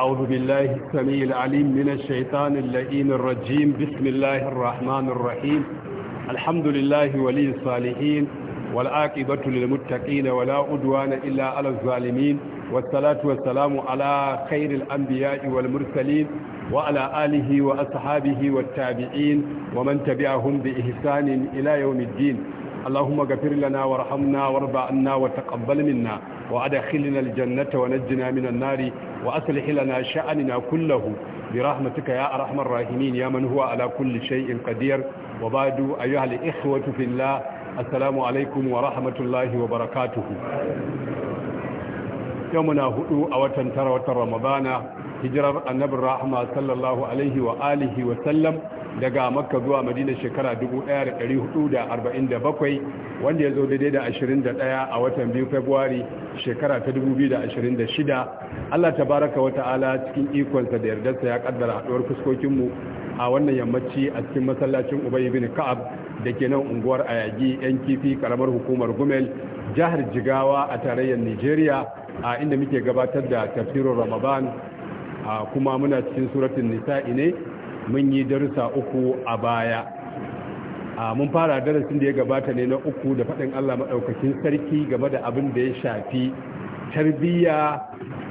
أعوذ بالله السميع العليم من الشيطان اللئيم الرجيم بسم الله الرحمن الرحيم الحمد لله ولي الصالحين والعاقبة للمتقين ولا عدوان إلا على الظالمين والصلاة والسلام على خير الأنبياء والمرسلين وعلى آله وأصحابه والتابعين ومن تبعهم بإحسان إلى يوم الدين اللهم اغفر لنا وارحمنا وارض عنا وتقبل منا وادخلنا الجنة ونجنا من النار وأصلح لنا شأننا كله برحمتك يا أرحم الراحمين يا من هو على كل شيء قدير وبعد أيها الإخوة في الله السلام عليكم ورحمة الله وبركاته يومنا هدو أوتن ترى وترمضان hijirar annabin rahama sallallahu alaihi wa alihi wa sallam daga makka zuwa madina shekara 1447 wanda ya zo daidai da 21 a watan biyu februari shekara ta 2026 allah ta baraka wata ala cikin ikonsa da yardarsa ya kaddara haduwar fuskokinmu a wannan yammaci a cikin masallacin ubay bin ka'ab da ke nan unguwar a ayagi yan kifi karamar hukumar gumel jihar jigawa a tarayyar nigeria a inda muke gabatar da tafsirin ramadan kuma muna cikin suratun nisa'i ne mun yi darussa uku a baya a mun fara darasin da ya gabata ne na uku da faɗin Allah maɗaukakin sarki game da abin da ya shafi tarbiyya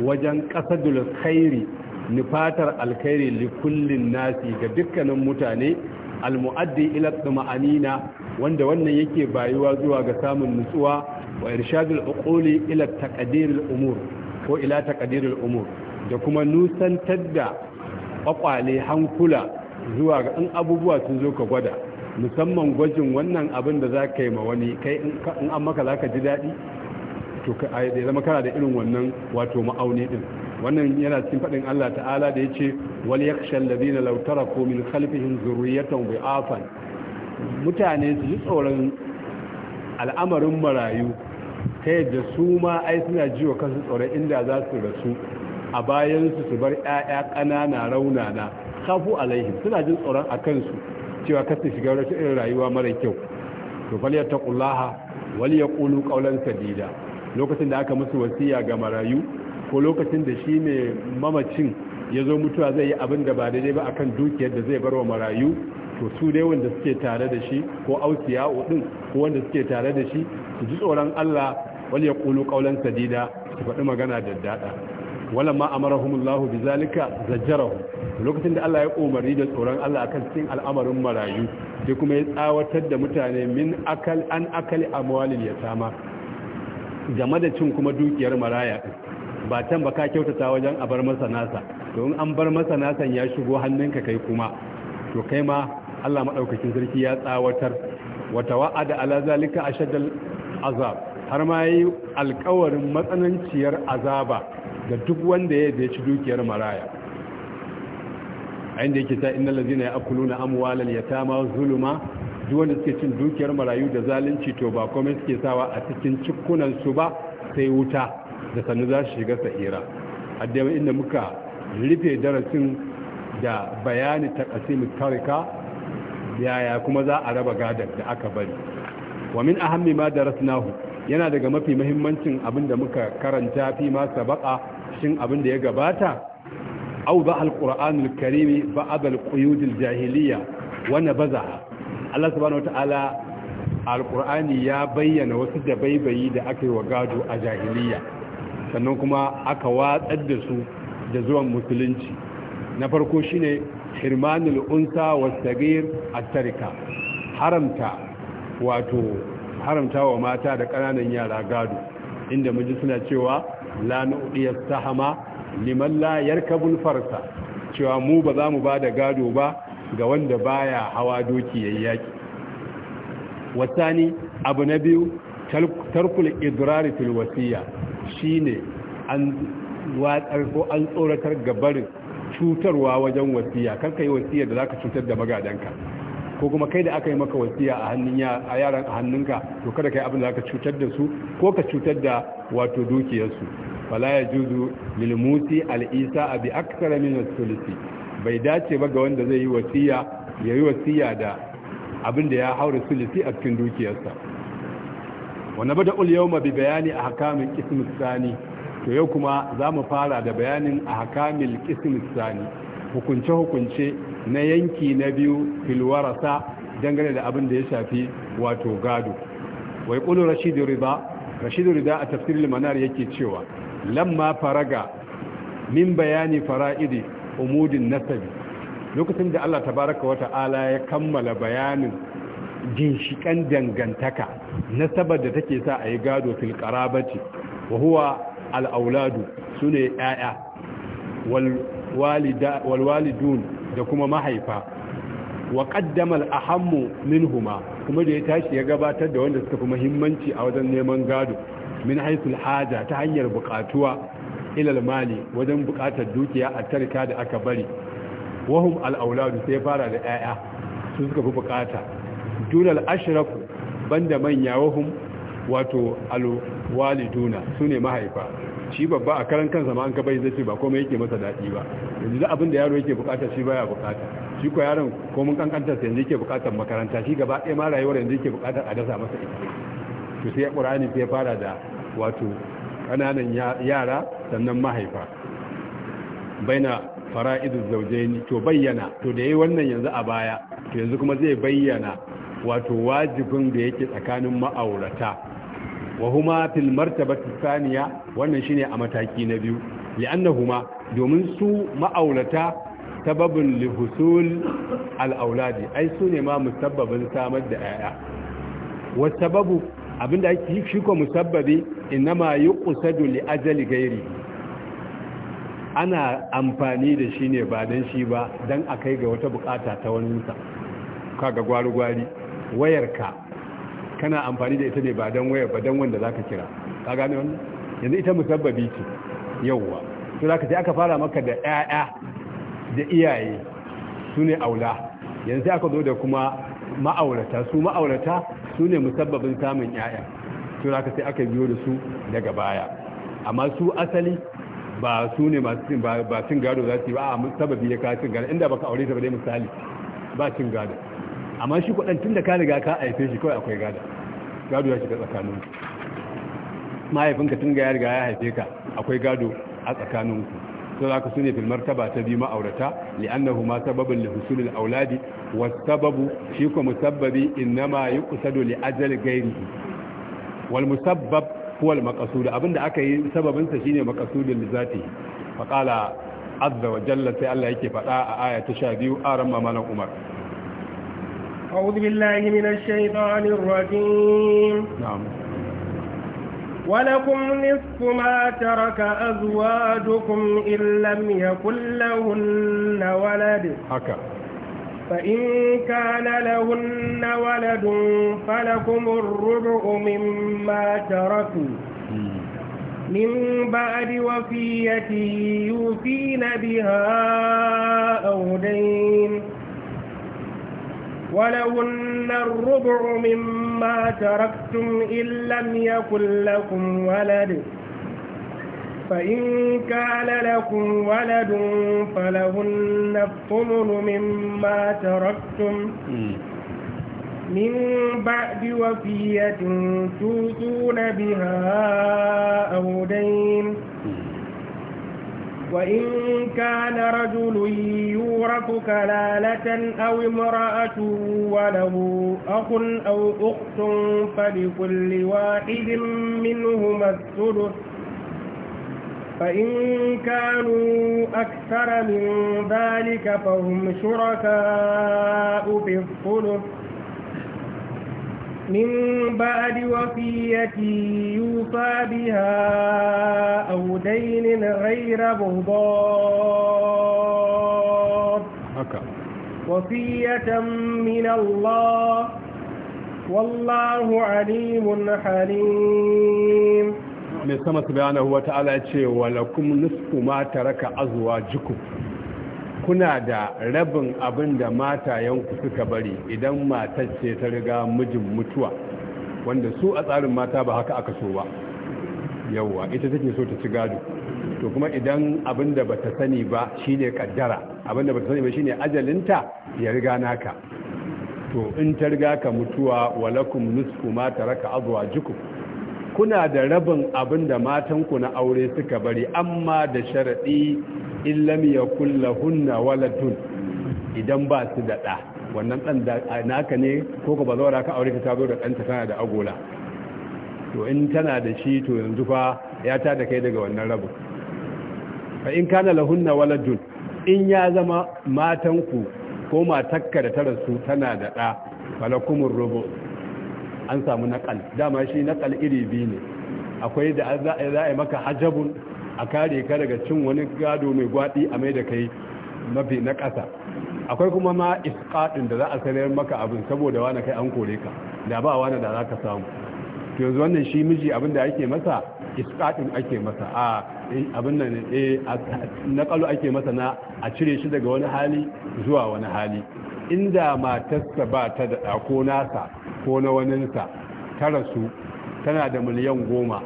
wajen ƙasadul khairi nufatar alkhairi likullin nasi ga dukkanin mutane almu'addi ila tsama'anina wanda wannan yake bayuwa zuwa ga samun nutsuwa wa irshadul uquli ila taqdiril umur ko ila taqdiril umur da kuma nusantar da kwakwale hankula zuwa ga in abubuwa sun zo ka gwada musamman gwajin wannan abin da za ka yi ma wani kai in an maka za ka ji daɗi to ya zama kana da irin wannan wato ma'auni ɗin. wannan yana cikin faɗin Allah ta'ala da ya ce wal yakhsha na lautara ko min khalfihim bai afan. mutane su ji tsoron al'amarin marayu ta yadda su ma ai suna jiwa kansu tsoron inda za su rasu a bayansu su bar 'ya'ya ƙanana raunana kafu alaihim suna jin tsoron a kansu cewa kasu shiga wani rayuwa mara kyau to faliyar taqullaha wal yaqulu qawlan sadida lokacin da aka musu wasiya ga marayu ko lokacin da shi ne mamacin ya zo mutuwa zai yi abin da ba daidai ba akan dukiyar da zai wa marayu to su dai wanda suke tare da shi ko ausiya din ko wanda suke tare da shi su ji tsoron Allah wal yaqulu qawlan sadida su faɗi magana da daddada ma amarahumullahu bizalika zajjarahu lokacin da Allah ya umarni da tsoron Allah akan cikin al'amarin marayu sai kuma ya tsawatar da mutane min akal an akali amwalil yatama game da cin kuma dukiyar maraya ba tan ba ka kyautata wajen a bar masa nasa To in an bar masa nasan ya shigo hannunka kai kuma to kai ma Allah madaukakin sarki ya tsawatar wata wa'ada ala zalika ashaddal azab har ma yi alkawarin matsananciyar azaba ga duk wanda ya da ya ci dukiyar maraya a inda yake ta inda lazina ya akulu na amwalar ya tama zuluma duk wanda suke cin dukiyar marayu da zalunci to ba komai suke sawa a cikin cikunansu ba sai wuta da sannu za su shiga sa'ira addaba inda muka rufe darasin da bayani ta ƙasi yaya kuma za a raba gadar da aka bari wa min ahammi ma darasnahu yana daga mafi muhimmancin abin da muka karanta fi ma sabaka shin abin da ya gabata au ba alqur'anul karimi abal quyudil jahiliya wa nabaza Allah subhanahu wataala alqur'ani ya bayyana wasu dabaibayi da aka yi wa gado a jahiliya sannan kuma aka watsar da su da zuwan musulunci na farko shine hirmanul unsa was sagir at-tarika haramta wato haramta wa mata da ƙananan yara gado inda muji suna cewa la nu'iyas sahama liman la yarkabul farsa cewa mu ba za mu ba da gado ba ga wanda baya hawa doki yayyaki wasani abu na biyu tarkul idrari fil wasiya shine an watsar ko an tsoratar gabarin cutarwa wajen wasiya ka yi wasiya da zaka cutar da magadanka ko kuma kai da aka yi maka wasiya a hannun a yaran a hannunka to kada kai abin da ka cutar da su ko ka cutar da wato dukiyarsu fala ya juzu lil muti al isa bi akthara min thuluthi bai dace ba ga wanda zai yi wasiya ya yi wasiya da abin da ya haura thuluthi a cikin dukiyarsa wa bada ul yawma bi bayani ahkamin qism tsani to yau kuma za mu fara da bayanin ahkamil qism tsani hukunce hukunce na yanki na biyu filwarasa dangane da abin da ya shafi wato gado wai ƙulu rashidu riba rashidu riba a tafsirin manar yake cewa lamma faraga min bayani fara'idi umudin nasabi lokacin da Allah tabaraka wa ta'ala ya kammala bayanin ginshikan dangantaka nasabar da take sa a yi gado fil qarabati wa huwa al auladu sune yaya wal walida wal walidun da kuma mahaifa wa qaddama al-ahammu minhuma kuma da ya tashi ya gabatar da wanda suka fi muhimmanci a wajen neman gado min haythul haja ta hanyar buƙatuwa ilal mali wajen buƙatar dukiya a tarka da aka bari wahum al-auladu sai fara da 'ya'ya su suka fi buƙata dunal ashraku banda manya wahum wato alwaliduna sune mahaifa shi babba a karan kansa ma an ka bai zai ce ba komai yake masa daɗi ba yanzu da abin da yaro yake bukata shi baya bukata shi ko yaron ko mun kankantar sa yanzu yake bukatar makaranta shi gaba ɗaya ma rayuwar yanzu yake bukatar a dasa masa ita to sai qur'ani sai fara da wato kananan yara sannan mahaifa baina fara'idul zawjaini to bayyana to da yayi wannan yanzu a baya to yanzu kuma zai bayyana wato wajibin da yake tsakanin ma'aurata wa huma fil martabati thaniya wannan shine a mataki na biyu li'annahuma domin su ma'aulata sababin husul al-auladi ai su ne ma musabbabin samar da yaya wa sababu abinda ake shi ko musabbabi inma yuqsadu li ajali ghairi ana amfani da shi ne ba dan shi ba dan akai ga wata bukata ta wani sa kaga gwari gwari wayarka kana amfani da ita ne ba don waya ba don wanda za ka kira ka gane wani. yanzu ita musabbabi ce yauwa su za ka sai aka fara maka da ƴaƴa da iyaye su ne aula yanzu sai aka zo da kuma ma'aurata su ma'aurata su ne musabbabin samun ƴaƴa su za ka sai aka biyo da su daga baya amma su asali ba su ne ba cin gado za su yi ba a sababi ya kawo cin gado inda baka aure ta ba dai misali ba cin gado amma shi kudin tun da ka riga ka haife shi kawai akwai gado gado ya shiga tsakaninku mahaifinka tun ga ya riga ya haife ka akwai gado a tsakaninku to za ka sune fil martaba ta bi ma'aurata li'annahu ma sababin li husulil auladi wa sababu shi ko musabbabi innama yuqsadu li ajali ghairihi wal musabbab huwa al maqsud abinda aka yi sababin sa shine maqsudul li zati fa qala azza wa jalla sai Allah yake faɗa a aya ta 12 aran mamalan Umar أعوذ بالله من الشيطان الرجيم نعم ولكم نصف ما ترك أزواجكم إن لم يكن لهن ولد حكا فإن كان لهن ولد فلكم الربع مما تركوا من بعد وفية يوفين بها أو دين ولهن الربع مما تركتم إن لم يكن لكم ولد فإن كان لكم ولد فلهن الثمن مما تركتم من بعد وفية توصون بها أو دين وإن كان رجل يورك كلالة أو امرأة وله أخ أو أخت فلكل واحد منهما الثلث فإن كانوا أكثر من ذلك فهم شركاء في الثلث من بعد وفية يوفى بها أو دين غير مضار وفية من الله والله عليم حليم mai sama subhanahu wata'ala ya ce wa lakum nisfu ma kuna da rabin abin da matayenku suka bari idan matar ce ta riga mijin mutuwa wanda su a tsarin mata ba haka aka so ba yauwa ita take so ta ci gado to kuma idan abin da bata sani ba shine kaddara abin da bata sani ba shine ajalinta ya riga naka to in ta riga ka mutuwa walakum nusku ma taraka azwajukum kuna da rabin abin da matanku na aure suka bari amma da sharadi illam yakul lahunna waladun idan ba su da da wannan dan da naka ne ko ka ba ka aure ka tazo da ɗanta tana da agola to in tana da shi to yanzu fa ya ta da kai daga wannan rabu. fa in kana lahunna waladun in ya zama matanku ko matakka da ta su tana da ɗa falakumur rubu an samu naqal dama shi naqal iri biyu ne akwai da za a yi maka hajabun a kare ka daga cin wani gado mai gwadi a mai da kai mafi na ƙasa akwai kuma ma iskaɗin da za a sanar maka abin saboda wani kai an kore ka da ba wani da za ka samu to yanzu wannan shi miji abin da ake masa iskaɗin ake masa a eh, abin nan eh, na ƙalo ake masa na a cire shi daga wani hali zuwa wani hali inda matarsa ba ta da ko nasa ko na waninsa ta rasu tana da miliyan goma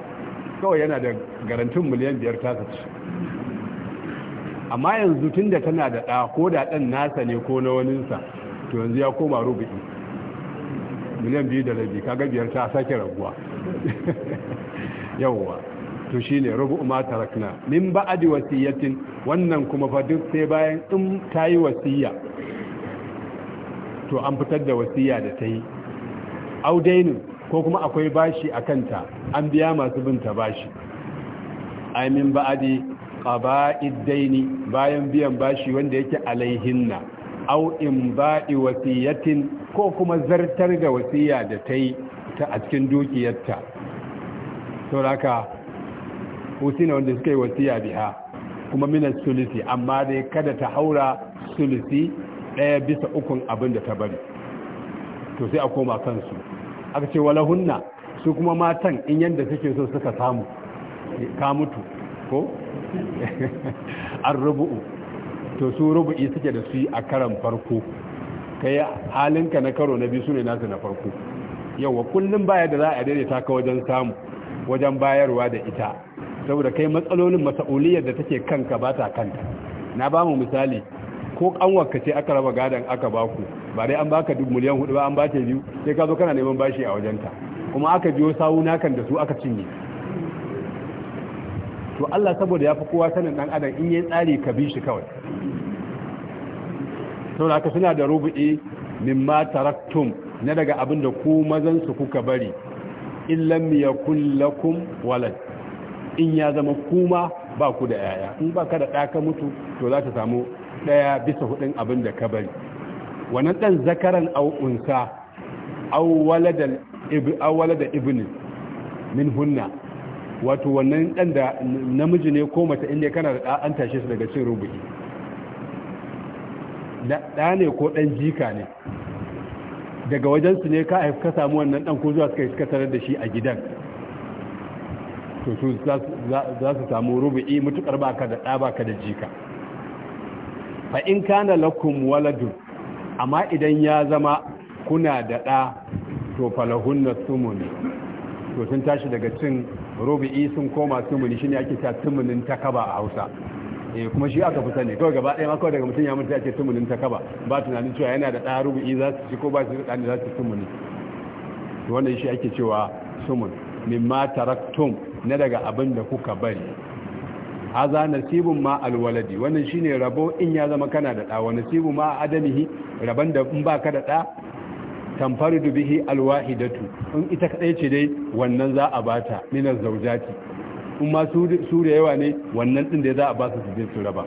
kawai yana da garantin miliyan biyar tasa ce amma yanzu tun da tana da ɗa ko da ɗan nasa ne ko na waninsa to yanzu ya koma rubi miliyan biyu da rabi kaga biyar ta sake raguwa yawwa to shi ne rubu ma tarakna min ba'di wasiyatin wannan kuma fa duk sai bayan in yi wasiya to an fitar da wasiya da ta yi audainin ko kuma akwai bashi a kanta an biya masu binta bashi aimin ba'adi qaba'id daini bayan biyan bashi wanda yake alaihinna au in ba'i wasiyatin ko kuma zartar da wasiya da tayi ta a cikin dukiyarta to sauraka husina wanda suka yi wasiya biha kuma mina sulisi amma dai kada ta haura sulisi ɗaya bisa ukun abin da ta bari to sai a koma kansu aka ce walahunna su kuma matan in yadda suke so suka samu ka mutu ko an rubu'u to su rubu'i suke da su a karan farko ka yi halinka na karo na biyu su ne nasu na farko Yau yauwa kullum baya da za a ta ka wajen samu wajen bayarwa da ita saboda kai matsalolin masa'uliyar da take kanka ba ta kanta na ba mu misali ko an ce aka raba gadon aka baku ba dai an baka duk miliyan hudu ba an ba biyu sai ka zo kana neman bashi a wajenta kuma aka biyo sawu nakan da su aka cinye to Allah saboda ya fi kowa sanin dan adam in yi tsari ka bi shi kawai da haka suna da rubu'i mimma taraktum na daga abin da ku mazan su kuka bari illam yakul lakum walad in ya zama kuma ba ku da yaya in ba da ɗa ka mutu to za ta samu ɗaya bisa hudun abin da ka bari wannan ɗan zakaran au'unsa auwala da ibinin min hunna wato wannan ɗan da namiji ne ko mata inda kana da an tashe su daga cin rubuki ɗa ne ko ɗan jika ne daga wajensu ne ka haifi ka samu wannan ɗan ko zuwa suka yi suka tarar da shi a gidan to su za su samu rubu'i mutukar baka da ɗa baka da jika fa in kana lakum waladun amma idan ya zama kuna da ɗa to falahunna sumuni to sun tashi daga cin rubi'i sun koma sumuni shine ake ta sumunin takaba a Hausa eh kuma shi aka fi sani kawai gaba ɗaya kawai daga mutum ya mutu ake sumunin takaba ba tunanin cewa yana da ɗa rubi'i za su ci ko ba su da ɗani za su sumuni to wannan shi ake cewa sumun mimma taraktum na daga abin da kuka bari haza nasibun ma alwaladi wannan shine rabo in ya zama kana da ɗa wa nasibu ma adamihi raban da in baka da ɗa tamfar bihi alwahidatu in ita kadai ce dai wannan za a bata minar zaujati in ma su da yawa ne wannan din da za a ba su su raba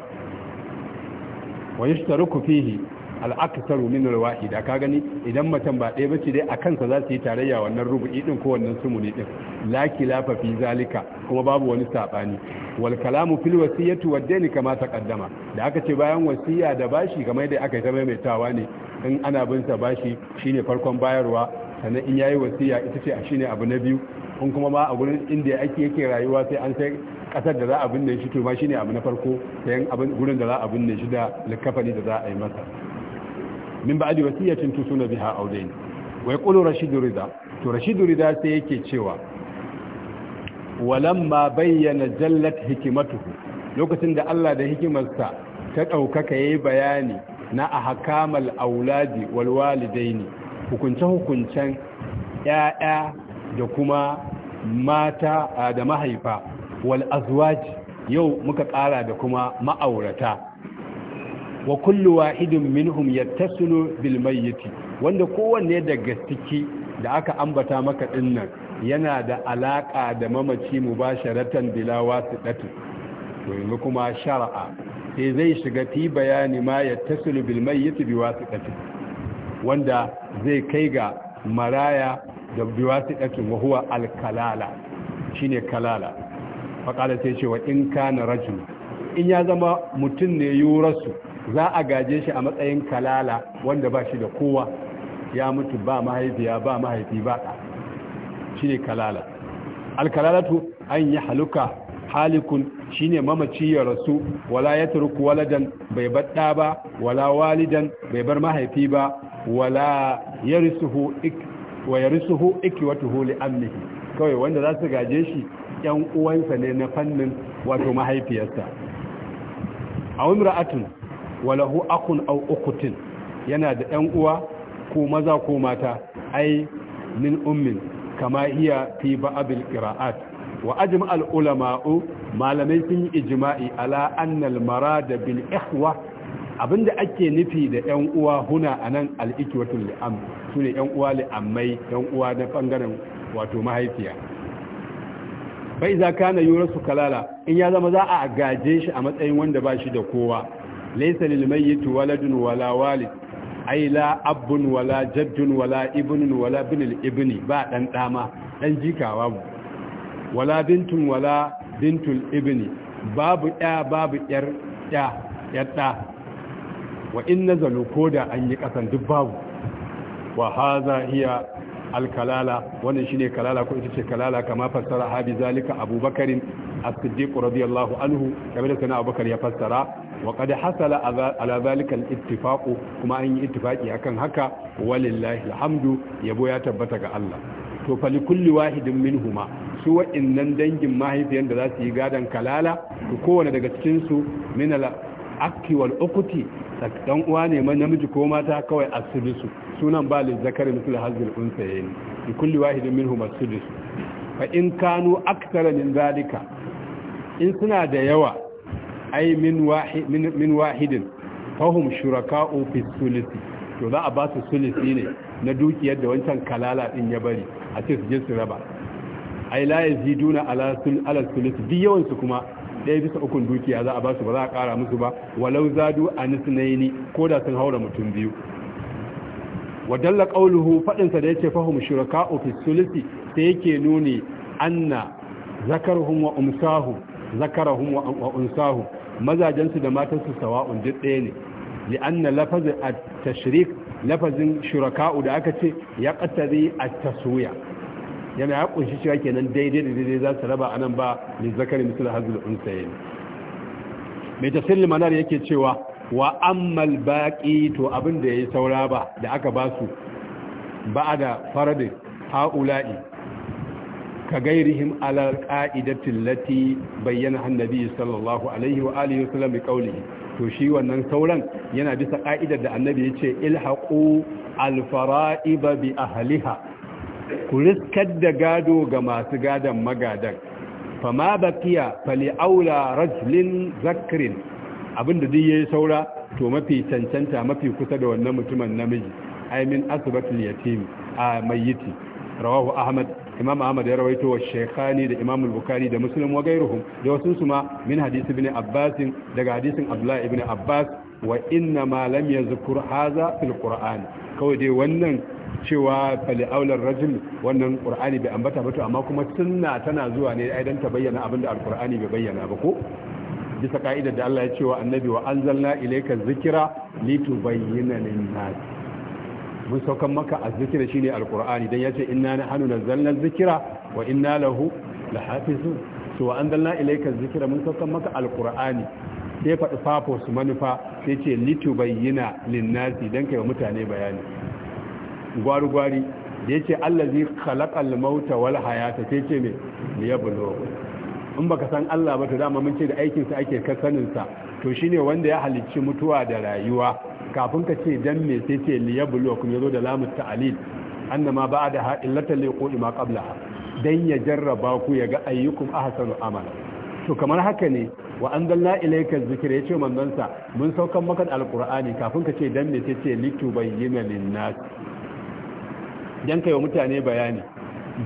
wa yashtaruku fihi al'aktaru min da ka gani idan matan ba ɗaya bace dai a kansa za su yi tarayya wannan rubu'i ɗin ko wannan sumuni ɗin laki kilafa fi zalika kuma babu wani sabani wal kalamu fil wasiyatu wadda ni kama ta kaddama da aka ce bayan wasiya da bashi kamar da aka yi ta maimaitawa ne in ana bin sa bashi shine farkon bayarwa sannan in yayi wasiya ita ce a shine abu na biyu in kuma ma a gurin inda ake yake rayuwa sai an sai kasar da za a binne shi to ma shine abu na farko sai abin gurin da za a binne shi da likafani da za a yi masa min ba'di wasiyatin tusuna biha awdain wa yaqulu rashidu rida to rashidu rida sai yake cewa walamma bayyana jallat hikmatuhu lokacin da Allah da hikimarsa ta daukaka yayi bayani na ahkamal auladi wal walidaini hukunce hukuncen yaya da kuma mata da mahaifa wal azwaj yau muka ƙara da kuma ma'aurata wa kullu wahidin minhum yattasilu bil mayyit wanda kowanne daga ciki da aka ambata maka dinnan yana da alaka da mamaci mubasharatan bila wasitati to yanzu kuma shar'a sai zai shiga fi bayani ma yattasilu bil mayyit bi wasitati wanda zai kai ga maraya da bi wasitati wa huwa al kalala shine kalala faqala sai ce wa in kana rajul in ya zama mutum ne yurasu za a gaje shi a matsayin kalala wanda ba shi da kowa ya mutu ba mahaifiya ba mahaifi ba ɗa shi ne kalala alkalalatu an yi haluka halikun shi ne mamaci ya rasu wala ya turku waladan bai bar ba wala walidan bai bar mahaifi ba wala ya risuhu iki wata huli amnihi kawai wanda za su gaje shi ‘yan uwansa ne na fannin wato mahaifiyarsa a wani ra'atun walahu akun au ukutin yana da ɗan uwa ko maza ko mata ai min ummin kama iya fi ba'abil qira'at wa ajma al ulama'u malamai sun yi ijma'i ala anna al marada bil ikhwa abinda ake nufi da yan uwa huna anan al ikwatu li am sune ƴan uwa li ammai ƴan uwa na bangaren wato mahaifiya bai za kana yurasu kalala in ya zama za a gaje shi a matsayin wanda ba shi da kowa laysa lil mayyit waladun wala walid ai la abun wala jaddun wala ibnun wala binil ibni ba dan dama dan jikawa wala bintun wala bintul ibni babu ya babu yar ya yadda wa in nazalu koda an yi kasan duk babu wa haza hiya alkalala wannan shine kalala ko ita ce kalala kama fassara habi zalika abubakarin as-siddiq radiyallahu anhu kamar da sana abubakar ya fassara wa qad hasala ala zalika ittifaq kuma an yi ittifaki akan haka walillahi alhamdu yabo ya tabbata ga Allah to fa kulli wahidin minhuma su innan dangin mahaifiyan da za su yi gadan kalala to kowane daga cikin su min al-akki wal ukti dan uwa ne man namiji ko mata kawai asulisu sunan ba li zakari mithl hazil unsayin kulli wahidin huma asulisu fa in kanu aktsara min zalika in suna da yawa ai min wahidin fahim shuraka'u fi sulusi to za a ba su sulisi ne na dukiyar da wancan kalala din ya bari a ce su je su raba ai la yaziduna ala sulisi duk yawan su kuma ɗaya bisa ukun dukiya za a ba su ba za a ƙara musu ba walau zadu anisnaini ko da sun haura mutum biyu wadalla ƙauluhu sa da yace fahim shuraka'u fi sulusi sai yake nuni anna zakarhum wa umsahum zakarahum wa unsahum mazajen su da matan su sawa'un duk ɗaya ne li'anna lafazin at-tashrik lafazin shuraka'u da aka ce ya qatari at-taswiya yana ya kunshi cewa kenan daidai da daidai za su raba anan ba li zakari misal hazil unsayin mai tafsir manar yake cewa wa ammal baqi to abin da yayi saura ba da aka ba su baada da faradin ha'ula'i ka gairihim ala lati bayyana annabi sallallahu alaihi wa alihi wasallam bi qawlihi to shi wannan sauran yana bisa ƙa'idar da annabi yace ilhaqu al fara'iba bi ahliha ku riskar da gado ga masu gadon magadan fama bakiya fali aula rajulin zakrin abinda duk yayi saura to mafi cancanta mafi kusa da wannan mutumin namiji aimin asbatul yatim a mayyiti rawahu ahmad imam ahmad ya rawaito wa shaykhani da imam al-bukhari da muslim wa gairuhum da wasu su min hadisi ibn abbas daga hadisin abdullahi ibn abbas wa inna ma lam yazkur hadha fil qur'an kawai dai wannan cewa fali aular rajul wannan qur'ani bai ambata ba to amma kuma sunna tana zuwa ne ai dan ta bayyana abinda alqur'ani bai bayyana ba ko bisa ka'idar da Allah ya ce wa annabi wa anzalna ilayka dhikra litubayyana lin-nas mun saukan maka a zikira shine alqur'ani dan yace inna nahnu nazzalna zikira wa inna lahu lahafizun to wa anzalna ilayka zikira mun saukan maka alqur'ani sai faɗi fafos manufa sai ce litubayyina linnasi dan kai wa mutane bayani Gwarigwari gwari da yace allazi khalaqal mauta wal hayata sai ce me liyabluwa in baka san Allah ba to dama mun ce da aikinsa ake kasaninsa to shine wanda ya halicci mutuwa da rayuwa kafin ka ce dan me sai ce kun yazo da lamu ta'lil annama illata li liqo'i ma qablaha dan ya jarraba ku ya ga ayyukum ahsanu amala to kamar haka ne wa anzalna ilayka dhikra yace manzon sa mun saukan maka alqur'ani kafin ka ce dan me sai ce bayyana lin-nas dan kai wa mutane bayani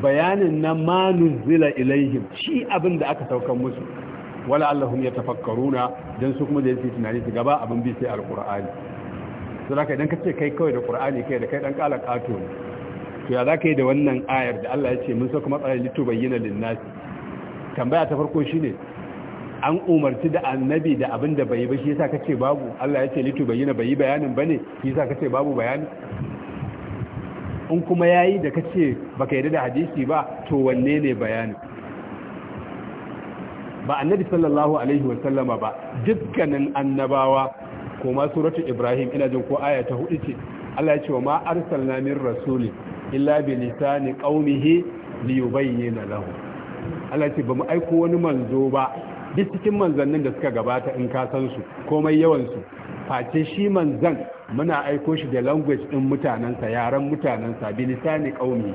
bayanin na ma nuzila ilaihim shi abin da aka saukan musu wala allahum yatafakkaruna dan su kuma da yake tunani su gaba abin bi sai alqur'ani to zaka idan ka ce kai kawai da qur'ani kai da kai dan kala kato ne to ya zaka yi da wannan ayar da Allah ya ce mun sauka kuma tsare litu bayyana linnasi tambaya ta farko shine an umarci da annabi da abin da bai ba shi yasa kace babu Allah ya ce litu bayyana bai bayanin bane shi yasa kace babu bayani in kuma yayi da kace baka yarda da hadisi ba to wanne ne bayani ba annabi sallallahu alaihi wa sallama ba dukkanin annabawa koma suratul ibrahim ina jin ko aya ta hudu ce Allah ya ce wa ma arsalna min rasuli. illa bi lisani qaumihi li yubayyana lahu Allah ya ce bamu aiko wani manzo ba duk cikin manzannin da suka gabata in ka san su komai yawan su face shi manzan muna aiko shi da language din sa yaran sa bi lisani qaumi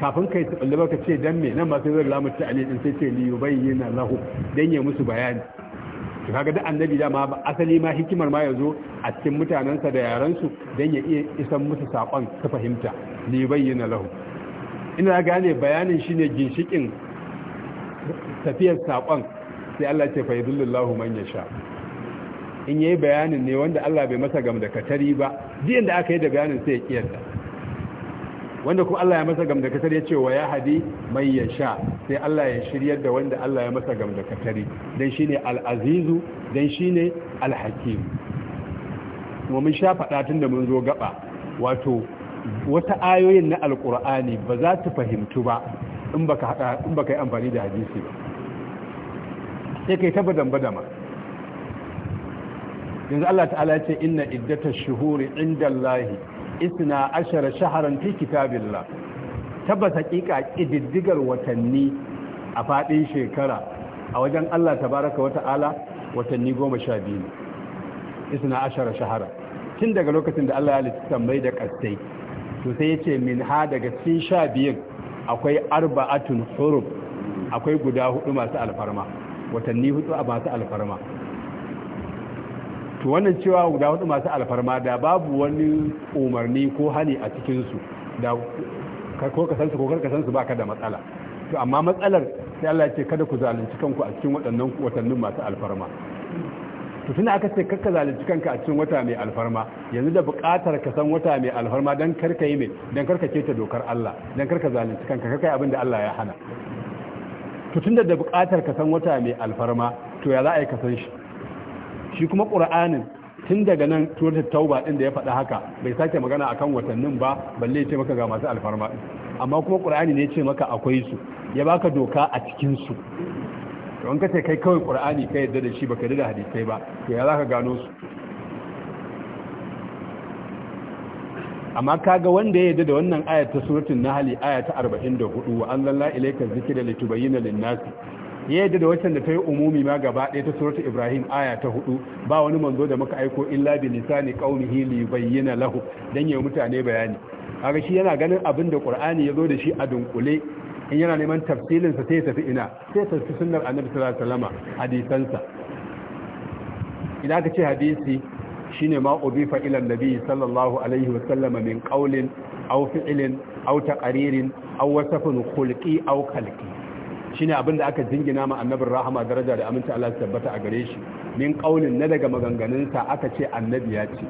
kafin kai su ka ce dan me nan ba sai zai lamu ta ali din sai ce li yubayyana lahu dan ya musu bayani Ka kaga da annabi dama ba asali ma hikimar ma yanzu a cikin mutanensa da yaransu don ya iya isan musu saƙon su fahimta ne bayyana lahu ina gane bayanin shi ne ginshikin tafiyar saƙon sai Allah ce fa yadullahu man yasha in yayi bayanin ne wanda Allah bai masa gam da katari ba jiyan da aka yi da bayanin sai ya kiyarta wanda kuma Allah ya masa gamdakatar ya ce wa ya hadi mai ya sha sai Allah ya shiryar da wanda Allah ya masa gamdakatari don shi ne al'azizu don shi ne alhakim kuma mun sha faɗa tun da mun zo gaba wato wata ayoyin na alƙur'ani ba za ta fahimtu ba in ba ka yi amfani da hadisi ba sai kai taba dambadama yanzu Allah ta'ala ya ce inna iddatash shuhuri inda Allahi isna ashara shaharan fi kitabillah tabbata hakika kididdigar watanni a fadin shekara a wajen Allah tabaraka wa ta'ala watanni 12 isna ashara shahara tun daga lokacin da Allah ya halitta mai da kastai to sai yace min ha daga cikin 12 akwai arba'atun hurub akwai guda hudu masu alfarma watanni hudu a masu alfarma to wannan cewa guda hudu masu alfarma da babu wani umarni ko hani a cikinsu da ko ka san su ko karka su baka da matsala to amma matsalar sai Allah ya ce kada ku zalunci kanku a cikin waɗannan watannin masu alfarma to tunda aka ce kakka zalunci kanka a cikin wata mai alfarma yanzu da buƙatar ka san wata mai alfarma dan karka yi mai dan karka ta dokar Allah dan karka zalunci kanka karka abin da Allah ya hana to tunda da buƙatar ka san wata mai alfarma to ya za a yi ka san shi shi kuma ƙur'anin tun daga nan turar tauba ɗin da ya faɗa haka bai sake magana akan watannin ba balle ce maka ga masu alfarma amma kuma ƙur'ani ne ce maka akwai su ya baka doka a cikin su to an kai kawai ƙur'ani ka yadda da shi baka yadda da hadisai ba to ya zaka gano su amma kaga wanda ya yadda da wannan ayat ta suratul nahl aya ta 44 wa anzalna ilayka dhikra litubayyana lin-nasi ya yadda da waccan da ta yi umumi ma gaba ɗaya ta suratu ibrahim aya ta hudu ba wani manzo da muka aiko illa bi lisani qaumihi li bayyana lahu dan yayi mutane bayani kaga shi yana ganin abin da qur'ani ya zo da shi a dunkule in yana neman tafsilin sa sai tafi ina sai tafi sunnar annabi sallallahu alaihi wasallam hadisansa idan ka ce hadisi shine ma ubifa ila nabi sallallahu alaihi wasallam min qawlin aw fi'lin aw taqririn aw wasfin khulqi aw khalqi shine abin da aka jingina ma annabin rahama daraja da aminci Allah su tabbata a gare shi min kaulin na daga maganganunsa aka ce annabi ya ce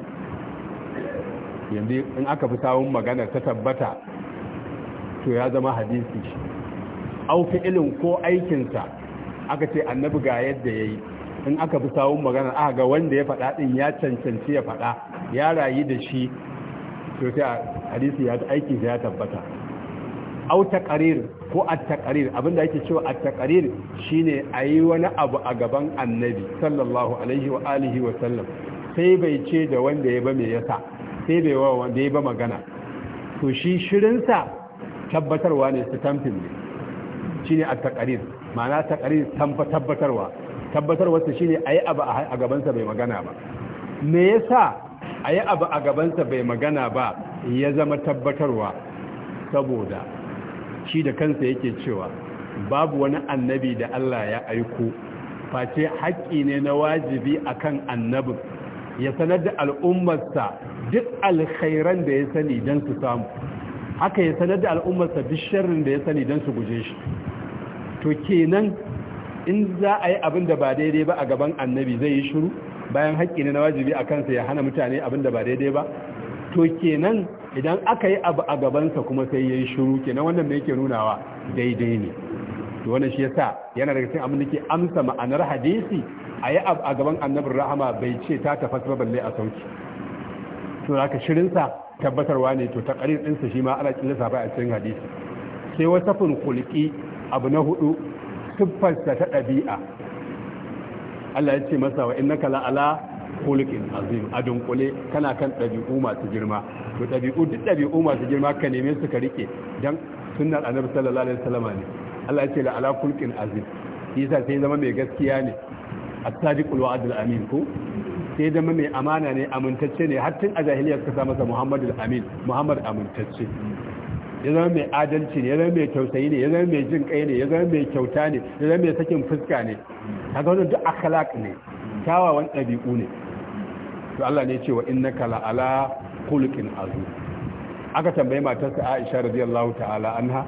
yanzu in aka fi sawun magana ta tabbata to ya zama hadisi au fi'ilin ko aikinsa aka ce annabi ga yadda ya yi in aka fi sawun magana aka ga wanda ya faɗa ɗin ya cancanci ya faɗa ya rayu da shi to sai hadisi ya aiki ya tabbata au taqarir ko at-taqarir abinda yake cewa at-taqarir shine ayi wani abu a gaban annabi sallallahu alaihi wa alihi wa sallam sai bai ce da wanda ya ba me yasa sai bai wa wanda ya ba magana to shi shirin sa tabbatarwa ne su tamfin ne shine at-taqarir ma'ana taqarir tamfa tabbatarwa tabbatarwa ta shine ayi abu a gaban sa bai magana ba me yasa ayi abu a gaban sa bai magana ba ya zama tabbatarwa saboda shi da kansa yake cewa babu wani annabi da Allah ya aiko face haƙƙi ne na wajibi akan annabin ya sanar da al'ummarsa duk alkhairan da ya sani don su samu haka ya sanar da al'ummarsa duk sharrin da ya sani don su guje shi to kenan in za a yi abin da ba daidai ba a gaban annabi zai yi shiru bayan haƙƙi ne na wajibi a kansa ya hana mutane abin da ba daidai ba to kenan idan aka yi abu a gabansa kuma sai ya yi shuru ke na wannan da yake nunawa daidai ne to wannan shi yasa yana daga cikin abin da ke amsa ma'anar hadisi a yi abu a gaban annabin rahama bai ce ta tafasa ba balle a sauki to zaka shirinsa tabbatarwa ne to takarir sa shi ma ana cikin ba a cikin hadisi sai wasafin kulki abu na hudu siffarsa ta ɗabi'a Allah ya ce masa wa innaka la'ala khuluqin azim a dunkule kana kan ɗabi'u masu girma to ɗabi'u duk ɗabi'u masu girma ka neme su ka rike dan sunnar annabi sallallahu alaihi wasallam ne Allah ya ce la ala khuluqin azim isa sai zama mai gaskiya ne as-sadiqul wa'dul amin ko sai zama mai amana ne amintacce ne har tun a jahiliyar suka sa masa Muhammadu Amin Muhammad amintacce ya zama mai adalci ne ya zama mai tausayi ne ya zama mai jin kai ne ya zama mai kyauta ne ya zama mai sakin fuska ne kaga wannan duk akhlaq ne kyawawan ɗabi'u ne to Allah ne cewa innaka la ala khuluqin azim aka tambaye matarsa Aisha radiyallahu ta'ala anha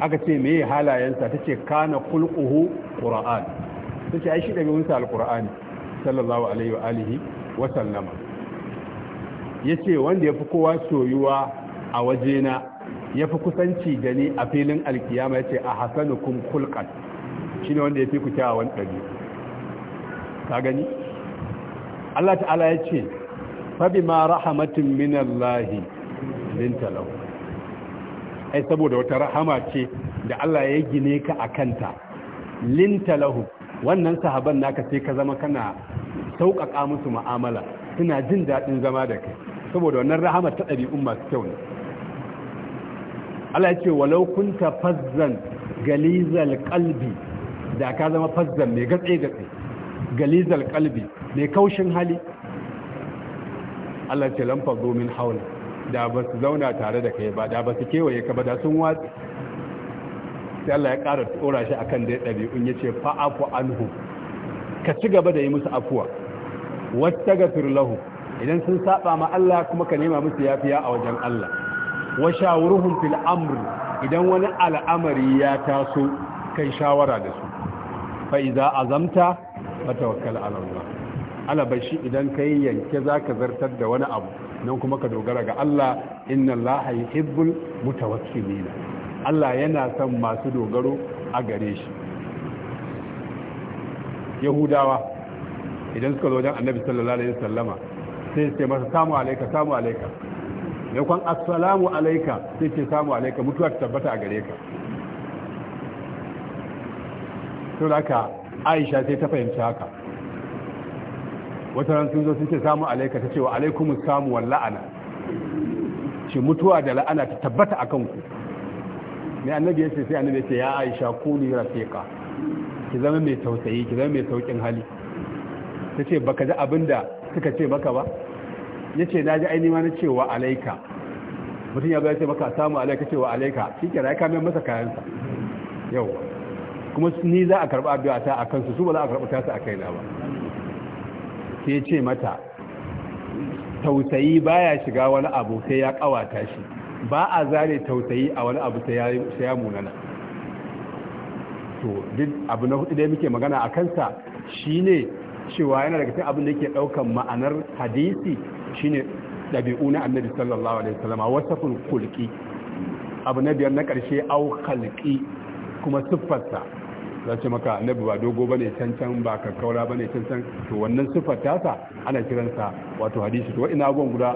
aka ce meye halayensa tace kana khulquhu qur'an tace ai shi daga sa alqur'ani sallallahu alaihi wa alihi wa sallama yace wanda yafi kowa soyuwa a wajena yafi kusanci da ni a filin alkiyama yace a hasanukum khulqan shine wanda yafi ku wani dabi ka gani Allah ta'ala ya ce fabi ma rahamatin minallahi linta lahu ai saboda wata rahama ce da Allah ya gine ka a kanta linta lahu wannan sahaban naka sai ka zama kana sauƙaƙa musu mu'amala suna jin daɗin zama da kai saboda wannan rahama ta ɗabi'un masu kyau ne Allah ya ce walau kunta fazzan galizal qalbi da ka zama fazzan mai gatse gatse galizal qalbi mai kaushin hali Allah ce lamfa domin haula da ba su zauna tare da kai ba da ba su kewaye ka ba da sun watsi sai Allah ya ƙara tsora shi akan da ya ɗabi'un ya ce fa'afu anhu ka ci gaba da yi musu afuwa wata ga lahu idan sun saba ma Allah kuma ka nema musu yafiya a wajen Allah wa shawuruhum fil amr idan wani al'amari ya taso kai shawara da su fa iza azamta fa tawakkal ala Allah alabashi idan ka yi yanke za ka zartar da wani abu nan kuma ka dogara ga Allah inna Allah yuhibbul mutawakkilina Allah yana son masu dogaro a gare shi yahudawa idan suka zo wajen annabi sallallahu alaihi wasallama sai ce masa samu alaika samu alaika kwan assalamu alaika sai ce samu alaika mutuwa ta tabbata a gare ka to haka Aisha sai ta fahimci haka wata ran sun zo sun ce samu alaika ta cewa wa alaikumus samu wal la'ana ce mutuwa da la'ana ta tabbata akan ku ne annabi ya ce sai annabi ya ce ya Aisha kuni rafiqa ki zama mai tausayi ki zama mai saukin hali tace baka ji abinda suka ce maka ba yace naji aini ma na cewa alayka alaika mutum ya bayar ce maka samu alaika cewa wa alaika shi ke ya mai masa kayansa yau kuma ni za a karɓi addu'a ta a kansu su ba za a karɓi ta su a kaina ba sai ce mata tausayi baya shiga wani abu sai ya kawata shi ba a zare tausayi a wani abu sai ya munana to duk abu na hudu da muke magana a kansa shine cewa yana daga cikin abin da yake daukan ma'anar hadisi shine dabi'u na annabi sallallahu alaihi wasallam wasaful khulqi abu na biyar na karshe au khalqi kuma siffarsa za ce maka annabi ba dogo bane cancan ba kakkaura bane cancan to wannan sifar tasa ana kiransa wato hadisi to ina abubuwan guda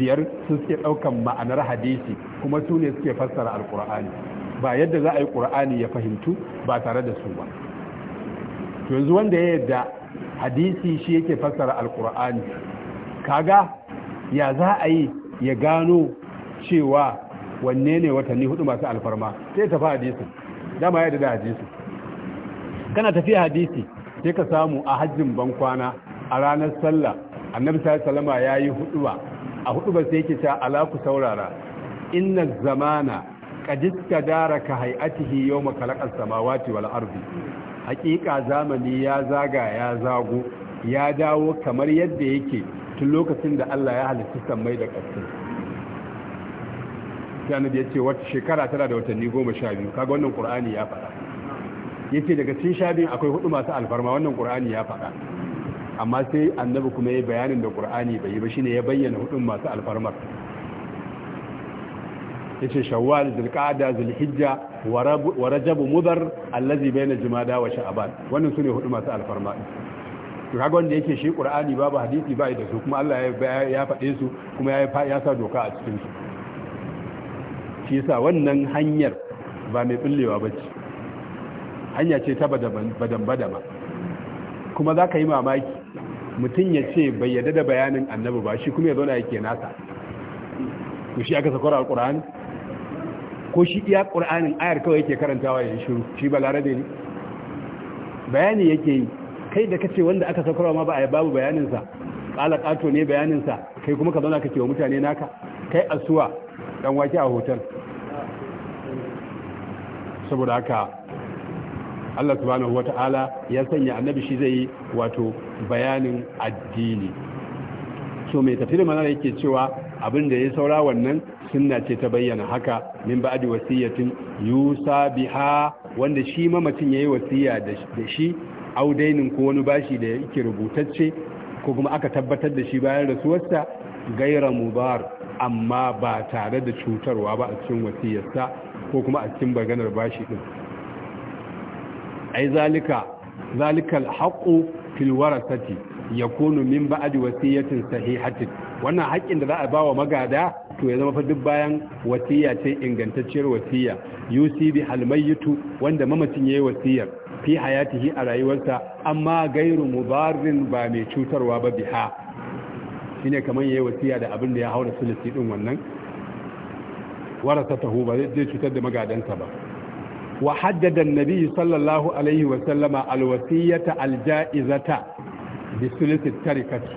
biyar sun suke daukan ma'anar hadisi kuma su ne suke fassara alkur'ani ba yadda za a yi ƙur'ani ya fahimtu ba tare da su ba to yanzu wanda ya yadda hadisi shi yake fassara alkur'ani kaga ya za a yi ya gano cewa wanne ne watanni hudu masu alfarma sai tafi hadisin dama ya da hadisin kana tafiya hadisi sai ka samu a hajjin bankwana a ranar sallah annabi salama ya yi huduba a huduba sai yake ta ala ku saurara inna zamana kadista dara ka hay'atihi yawma makalakar samawati wal ardi haqiqa zamani ya zaga ya zago ya dawo kamar yadda yake tun lokacin da Allah ya halitta sammai da ƙasa sai annabi ya ce wata shekara tana da watanni goma sha biyu kaga wannan qur'ani ya faɗa yace daga cikin shabin akwai hudu masu alfarma wannan qur'ani ya faɗa amma sai annabi kuma ya bayanin da qur'ani bai yi ba shine ya bayyana hudun masu alfarmar yace shawwal zulqa'da zulhijja wa rajab mudhar allazi baina jumada wa sha'ban wannan sune hudu masu alfarma to kaga wanda yake shi qur'ani babu hadisi ba da su kuma Allah ya faɗe su kuma ya ya sa doka a cikin su shi yasa wannan hanyar ba mai ba bace hanya ce ta badan-badama kuma za ka yi mamaki mutum ya ce bai yadda da bayanin annabi ba shi kuma ya zauna yake nasa ko shi aka sakwara alkur'ani ko shi iya ƙur'anin ayar kawai yake karantawa ya shiru shi ba larabe ne bayani yake yi kai da kace wanda aka sakwara ma ba a babu bayaninsa ƙala ƙato ne bayaninsa kai kuma ka zauna kake wa mutane naka kai asuwa dan wake a hotel saboda haka Allah subhanahu wata'ala ya sanya annabi shi zai wato bayanin addini so mai da manar yake cewa abin da ya saura wannan sunna ce ta bayyana haka min adi wasiyyatin yusa biha wanda shi mamacin ya yi wasiya da shi audainin ko wani bashi da yake rubutacce ko kuma aka tabbatar da shi bayan rasuwarsa gaira mubar amma ba tare da cutarwa ba a cikin wasiyarsa ko kuma a cikin baganar bashi din ai zalika zalikal haqqu fil warasati yakunu min ba'di wasiyatin sahihatin wannan haƙƙin da za a bawa magada to ya zama fa duk bayan wasiya ce ingantacciyar wasiya yusi bi wanda mamacin yayi wasiyar fi hayatihi a rayuwarsa amma gairu mubarrin ba mai cutarwa ba biha shine kaman yayi wasiya da abin da ya haura sulusi din wannan warasatahu ba zai cutar da magadansa ba wa haddada annabi sallallahu alaihi wa sallama alwasiyata aljaizata bi sulusi tarikati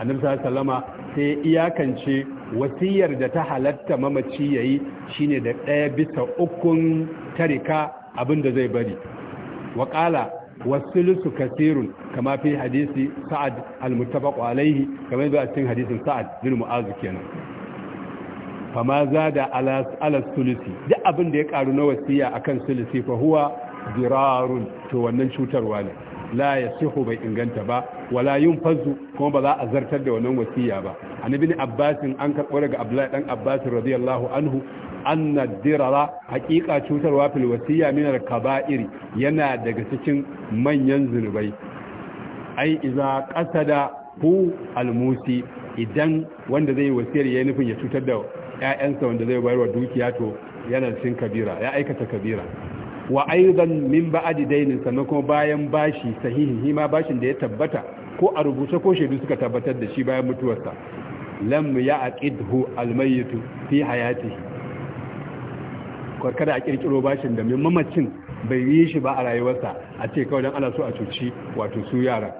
annabi sallallahu sai iyakance wasiyar da ta halatta mamaci yayi shine da ɗaya bisa ukun tarika abinda zai bari waƙala qala kasirun kama fi hadisi sa'ad al-muttafaq alaihi kamar da cikin hadisin sa'ad bin mu'azu kenan fama za da alas sulisi duk abin da ya karu na wasiya akan sulisi fa huwa dirarun to wannan cutarwa ne la ya sihu bai inganta ba wala yin kuma ba za a zartar da wannan wasiya ba annabi ne abbasin an karɓo daga abdullahi dan abbas radiyallahu anhu anna dirara haqiqa cutarwa fil wasiya min al kaba'ir yana daga cikin manyan zunubai ai iza qasada hu al musi idan wanda zai wasiyar yayin nufin ya cutar da Ya'yansa wanda zai bayar wa dukiya to yana cin kabira ya aikata kabira wa aidan min ba'di dainin sannan kuma bayan bashi sahihi hima bashin da ya tabbata ko a rubuce ko shaidu suka tabbatar da shi bayan mutuwarsa lam ya'qidhu almayyit fi hayatihi kada a kirkiro bashin da min mamacin bai yi shi ba a rayuwarsa a ce kawai dan ana so a cuci wato su yara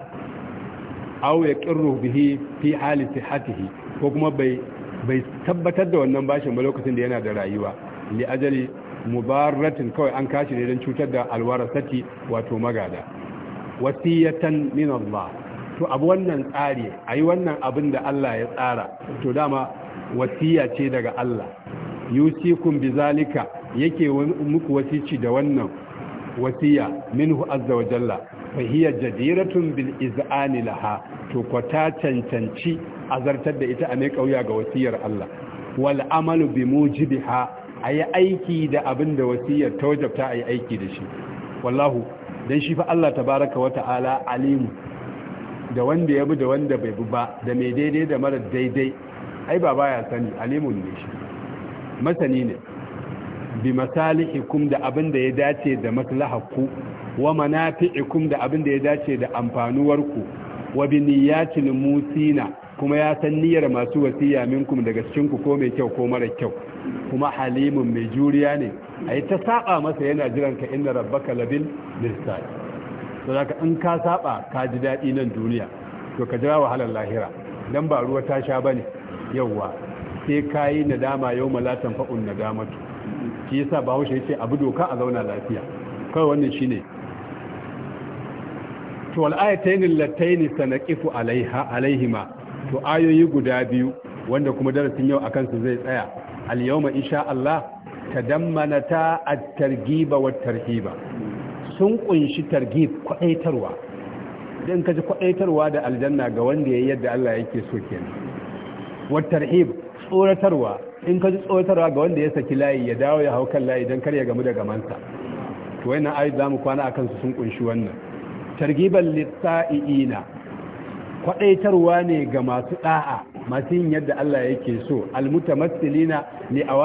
aw yaqirru bihi fi hali sihhatihi ko kuma bai bai tabbatar da wannan bashin ba lokacin da yana da rayuwa li ajali mubaratin kawai an kashi ne don cutar da alwarasati wato magada wasiyatan min Allah to abu wannan tsari ayi wannan abin da Allah ya tsara to dama wasiya ce daga Allah yusikum bizalika yake muku wasici da wannan wasiya minhu azza wa jalla fa hiya jadiratun bil iz'ani laha to kwata cancanci a zartar da ita a ne kauya ga wasiyar Allah wal amalu bi mujibiha yi aiki da abin da wasiyar ta wajabta yi aiki da shi wallahu dan shi fa Allah tabaraka wa ta'ala alimu da wanda ya bi da wanda bai bi ba da mai daidai da mara daidai ai ba baya sani alimun ne shi masani ne bi masalihikum da abin da ya dace da maslahakku wa manafi'ikum da abin da ya dace da amfanuwarku wa bi niyyatil musina kuma ya san niyyar masu wasiya minkum daga cikin ku ko mai kyau ko mara kyau kuma halimun mai juriya ne ai ta saba masa yana jiran ka inna rabbaka labil mirsad to zaka in ka saba ka ji dadi nan duniya to ka jira wahalar lahira dan ba ruwa ta sha bane yawa sai kayi nadama yau malatan fa'un nadamatu shi yasa bahaushe yace abu doka a zauna lafiya kai wannan shine to al ayatayn allatayn sanaqifu alaiha alaihima to ayoyi guda biyu wanda kuma darasin yau akan su zai tsaya al-yawma insha Allah tadammanata at-targhiba wat-tarhiba sun kunshi targhib kwa'itarwa. dan kaji kwa'itarwa da aljanna ga wanda yayi yadda Allah yake so kenan wat-tarhib tsoratarwa in kaji tsoratarwa ga wanda ya saki layi ya dawo ya hau kan layi dan kar ya gamu da gamansa to wannan ayi zamu kwana akan su sun kunshi wannan targhiban lis-sa'iina kwadaitarwa ne ga masu da'a masu yin yadda Allah yake so almutamassilina li la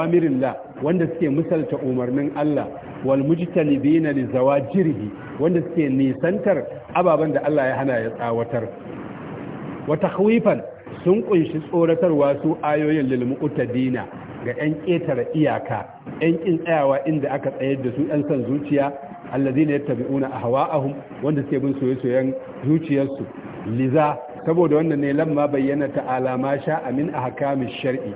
wanda suke misalta umarnin Allah wal mujtanibina li zawajirihi wanda suke nisantar ababan da Allah ya hana ya tsawatar wa takhwifan sun kunshi tsoratarwa su ayoyin lil muqtadina ga yan ketare iyaka yan kin tsayawa inda aka tsayar da su yan san zuciya allazina yattabi'una ahwa'ahum wanda suke bin soyayyen zuciyarsu liza saboda wannan ne lamma bayyana ta alama sha min a hakamin shar'i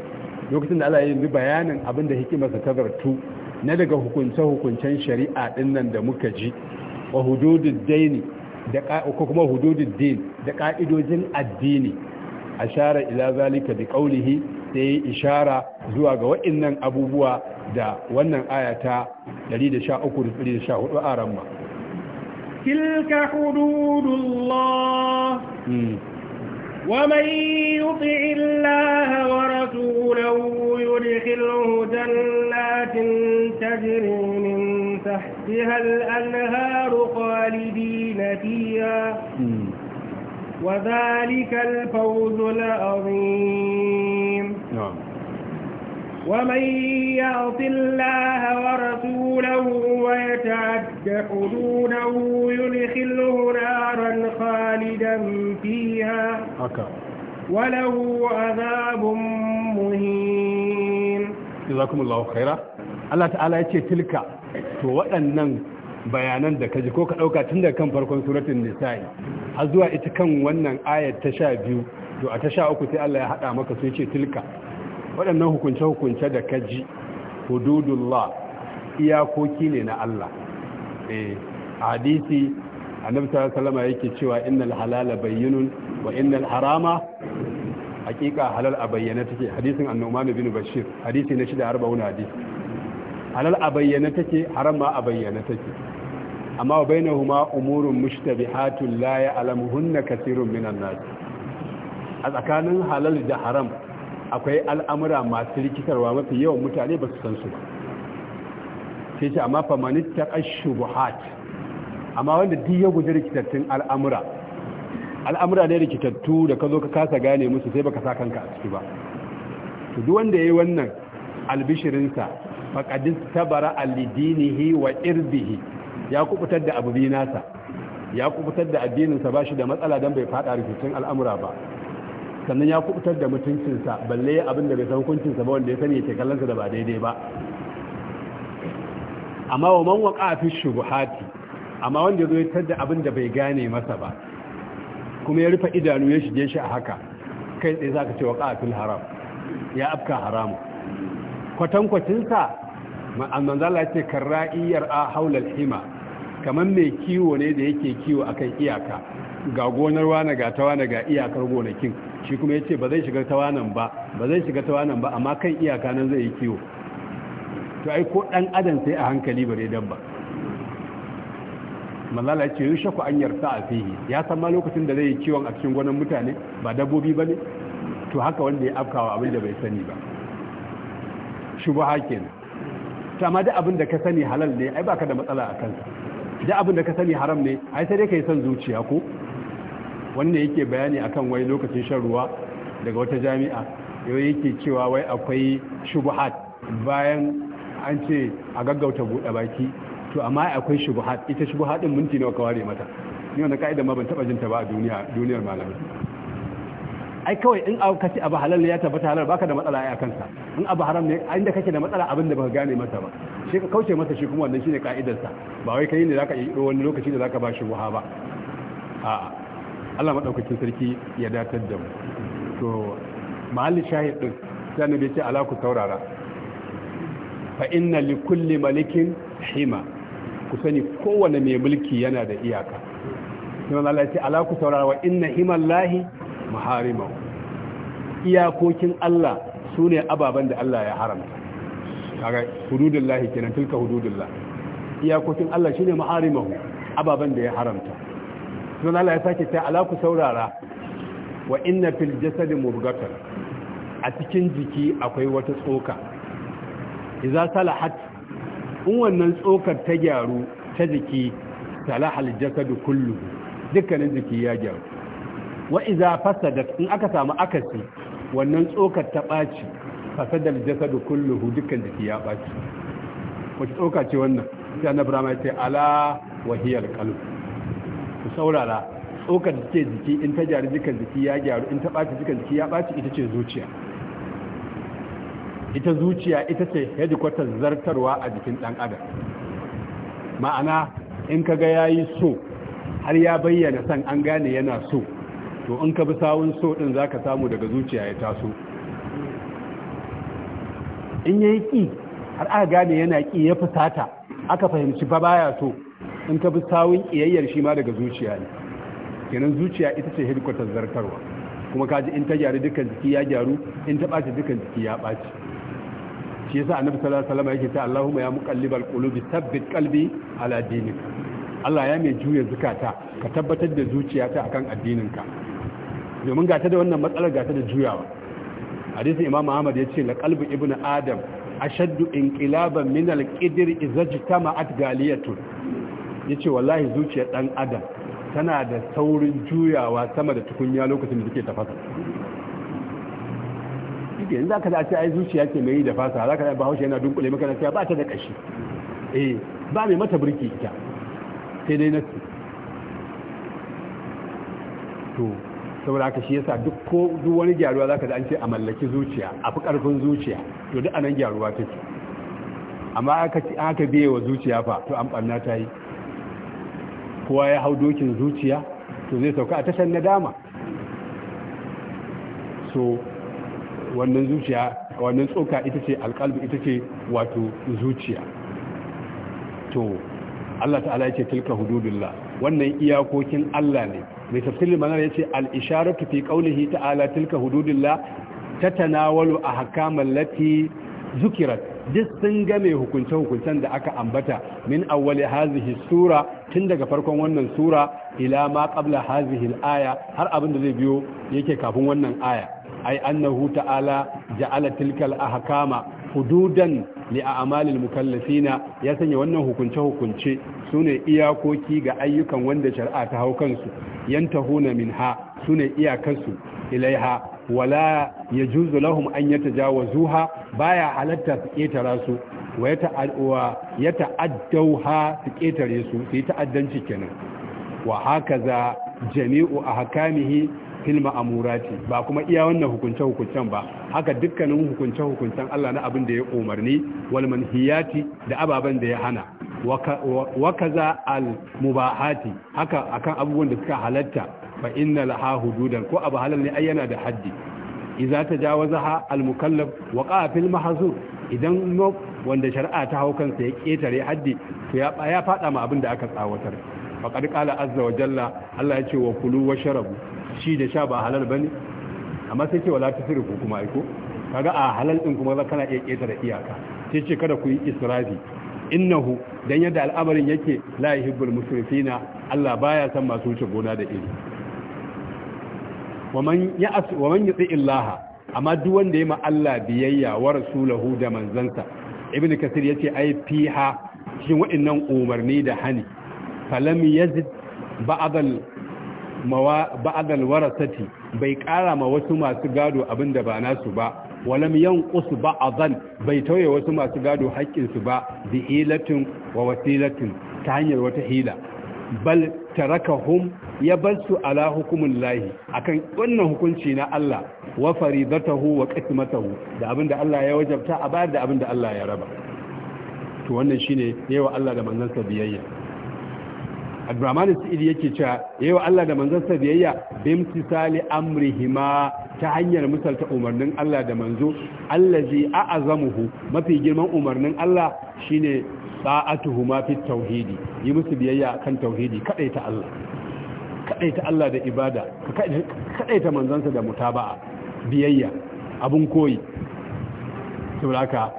lokacin da Allah ya yi bayanin abin da hikimarsa ta zartu na daga hukunce-hukuncen shari'a dinnan da muka ji wa hududin daini da ko kuma hududin din da ka'idojin addini a ashara ila zalika bi ya sai ishara zuwa ga waɗannan abubuwa da wannan ayata 113 ومن يطع الله ورسوله يدخله جنات تجري من تحتها الأنهار خالدين فيها وذلك الفوز العظيم نعم ومن يعط الله ورسوله ويتعد حدوده يدخله نارا خالدا فيها وله عذاب مهين جزاكم الله خيرا Allah ta'ala ya ce tilka to waɗannan bayanan da ji ko ka ɗauka tun daga kan farkon suratun nisa'i har zuwa ita kan wannan ayat ta sha biyu to a ta sha uku sai Allah ya haɗa maka sun ce tilka waɗannan hukunce-hukunce da kaji hududullah iyakoki ne na Allah hadisi annabi sallallahu alaihi yake cewa innal halala bayyinun wa innal harama hakika halal a bayyana take hadisin annuman bin bashir hadisi na 640 hadisi halal a bayyana take haram ma a bayyana take amma wa bainahuma umurun mushtabihatun la ya'lamuhunna kathirun minan nas a tsakanin halal da haram akwai al'amura masu rikitarwa mafi yawan mutane ba su san su ba sai ce amma famanitta ashubuhat amma wanda duk ya guji rikitattun al'amura al'amura ne rikitattu da ka zo ka kasa gane musu sai baka sa kanka a ciki ba to duk wanda yayi wannan albishirinsa faqadis tabara alidinihi wa irbihi ya kubutar da abu nasa ya kubutar da addininsa ba shi da matsala don bai fada rikicin al'amura ba sannan ya kubutar da mutuncinsa balle abin da bai san hukuncinsa ba wanda ya sani yake kallonsa da ba daidai ba amma wa man waqa fi shubuhati amma wanda ya zo ya tadda abin da bai gane masa ba kuma ya rufe idanu ya shige shi a haka kai tsaye za ka ce wa ƙafin haram ya afka haramu kwatankwacinsa manzala ce karra'iyar a haular hima kamar mai kiwo ne da yake kiwo a akan iyaka ga gonar wane ga ta ga iyakar gonakin shi kuma ya ce ba zai shiga ta ba ba zai shiga ta ba amma kan iyaka nan zai yi kiwo to ai ko ɗan adam sai a hankali bare dabba manzala ya ce yushe ku an yarsa a fihi ya san ma lokacin da zai yi kiwon a cikin gwanin mutane ba dabbobi ba ne to haka wanda ya afkawa abin da bai sani ba haƙe kenan ta ma duk abin da ka sani halal ne ai baka da matsala a kansa duk abin da ka sani haram ne ai sai dai ka yi son zuciya ko wanda yake bayani akan wai lokacin shan ruwa daga wata jami'a yau yake cewa wai akwai shubuhat bayan an ce a gaggauta buɗe baki to amma akwai shubuhat ita shubuhat din minti nawa ka ware mata ni wannan kaida ma ban taba jin ta ba a duniya duniyar malamai ai kawai in ka kace abu halal ne ya tabbata halal baka da matsala a kansa in abu haram ne inda kake da matsala abin da baka gane masa ba shi ka kauce masa shi kuma wannan shine ka'idar sa ba wai kai ne zaka yi wani lokaci da zaka ba shi buha ba a Allah madaukakin sarki ya datar da mu to mahalli shahid din sai annabi ce ala ku fa inna likulli malikin hima ku sani kowane mai mulki yana da iyaka sunan Allah ce ala ku saurara inna himallahi maharimau iyakokin Allah sune ababen da Allah ya haramta kaga hududullahi kenan tilka hududullah iyakokin Allah shine maharimahu ababen da ya haramta sunan Allah ya sake ta ala ku saurara wa inna fil jasadi mubghatan a cikin jiki akwai wata tsoka idza salahat in wannan tsokar ta gyaru ta jiki talahal jasadu kullu dukkanin jiki ya gyaru wa iza fasada in aka samu akasi wannan tsokar ta ɓaci fasada jasadu kullu dukkan jiki ya ɓaci ko tsoka ce wannan sai annabi rama ya ce ala hiya alqalb ku saurara tsokar da jiki in ta gyaru dukkan jiki ya gyaru in ta ɓaci dukkan jiki ya ɓaci ita ce zuciya ita zuciya ita ce hedikwatar zartarwa a jikin ɗan adam ma'ana in ka ga yi so har ya bayyana san an gane yana so to in ka bi sawun so ɗin za ka samu daga zuciya ya taso in yi ƙi har aka gane yana ƙi ya fusata aka fahimci ba baya so in ka bi sawun ƙiyayyar shi ma daga zuciya ne kenan zuciya ita ce hedikwatar zartarwa kuma kaji in ta gyaru dukkan jiki ya gyaru in ta ɓaci dukkan jiki ya ɓaci shi yasa annabi sallallahu alaihi wasallam yake cewa Allahumma ya muqallibal qulubi thabbit qalbi ala dinik Allah ya mai juya zukata ka tabbatar da zuciyata akan addininka domin gata da wannan matsalar gata da juyawa hadisin Imam Ahmad yace la qalbu ibnu adam ashaddu inqilaban min al-qidr izajtama'at galiyatun yace wallahi zuciyar dan adam tana da saurin juyawa sama da tukunya lokacin da take tafasa suke yanzu aka zace ai zuciya ce mai da fasa za ka bahaushe yana dunkule maka na ba ta da kashi eh ba mai mata birki ita sai dai nasu to saboda aka shi yasa duk ko duk wani gyaruwa ka da an ce a mallaki zuciya a fi karfin zuciya to duk anan gyaruwa ta ce amma aka aka biye wa zuciya fa to an barna ta yi kowa ya hau dokin zuciya to zai sauka a tashar nadama so wannan zuciya wannan tsoka ita ce alƙalbi ita ce wato zuciya to Allah ta'ala yake tilka hududullah wannan iyakokin Allah ne mai tafsirin manar yace al-isharatu fi qawlihi ta'ala tilka hududullah tatanawalu ahkamal lati zukirat duk sun game hukunce-hukuncen da aka ambata min awwali hazihi sura tun daga farkon wannan sura ila ma qabla hazihi al-aya har abin da zai biyo yake kafin wannan aya ai annahu ta'ala ja'ala tilkal ahkama hududan li a'malil mukallafina ya sanya wannan hukunce hukunce sune iyakoki ga ayyukan wanda shari'a ta hau kansu yantahuna minha sune iyakansu ilaiha wala yajuzu lahum an yatajawazuha baya halatta su ketara su wa ya ta'addauha su ketare su su yi ta'addanci kenan wa hakaza jami'u a hakamihi fil ma'amurati ba kuma iya wannan hukunce hukuncen ba haka dukkanin hukunce hukuncen Allah na abin da ya umarni wal manhiyati da ababen da ya hana wa kaza al mubahati haka akan abubuwan da suka halatta fa innal ha hududan ko abu halal ne ai yana da haddi idza tajawazaha al mukallaf wa qa'a fil mahzur idan wanda shari'a ta hau kansa ya ketare haddi to ya ya fada ma abin da aka tsawatar faqad qala azza wa jalla Allah ya ce wa kulu wa sharabu shi da sha ba halal bane amma sai ke wala ku kuma aiko kaga a halal din kuma za kana iya da iyaka sai ce kada ku yi israfi innahu dan yadda al'amarin yake la yuhibbul musrifina Allah baya san masu wuce gona da iri waman ya'as waman yuti illaha amma duk wanda ya ma Allah biyayya wa rasulahu da manzansa ibnu kasir yace ai fiha cikin waɗannan umarni da hani falam yazid ba'dal ba'adal warasati bai ƙara ma wasu masu gado abin da ba nasu ba walam yanqusu bai tauye wasu masu gado haƙƙinsu ba bi ilatin wa wasilatin ta hanyar wata hila bal tarakahum ya bar su ala hukumin lahi akan wannan hukunci na Allah wa faridatahu wa qismatahu da da Allah ya wajabta a bayar da abinda Allah ya raba to wannan shine yawa Allah da manzansa biyayya abdurrahman Sa'id yake cewa yayin Allah da manzansa biyayya amri amrihima ta hanyar misalta umarnin Allah da manzo allazi a'azamuhu mafi girman umarnin Allah shine sa'atuhuma fit tauhidi yi musu biyayya kan tauhidi kadai ta Allah kadai ta Allah da ibada kadai ta manzansa da mutaba'a biyayya abun koyi saboda haka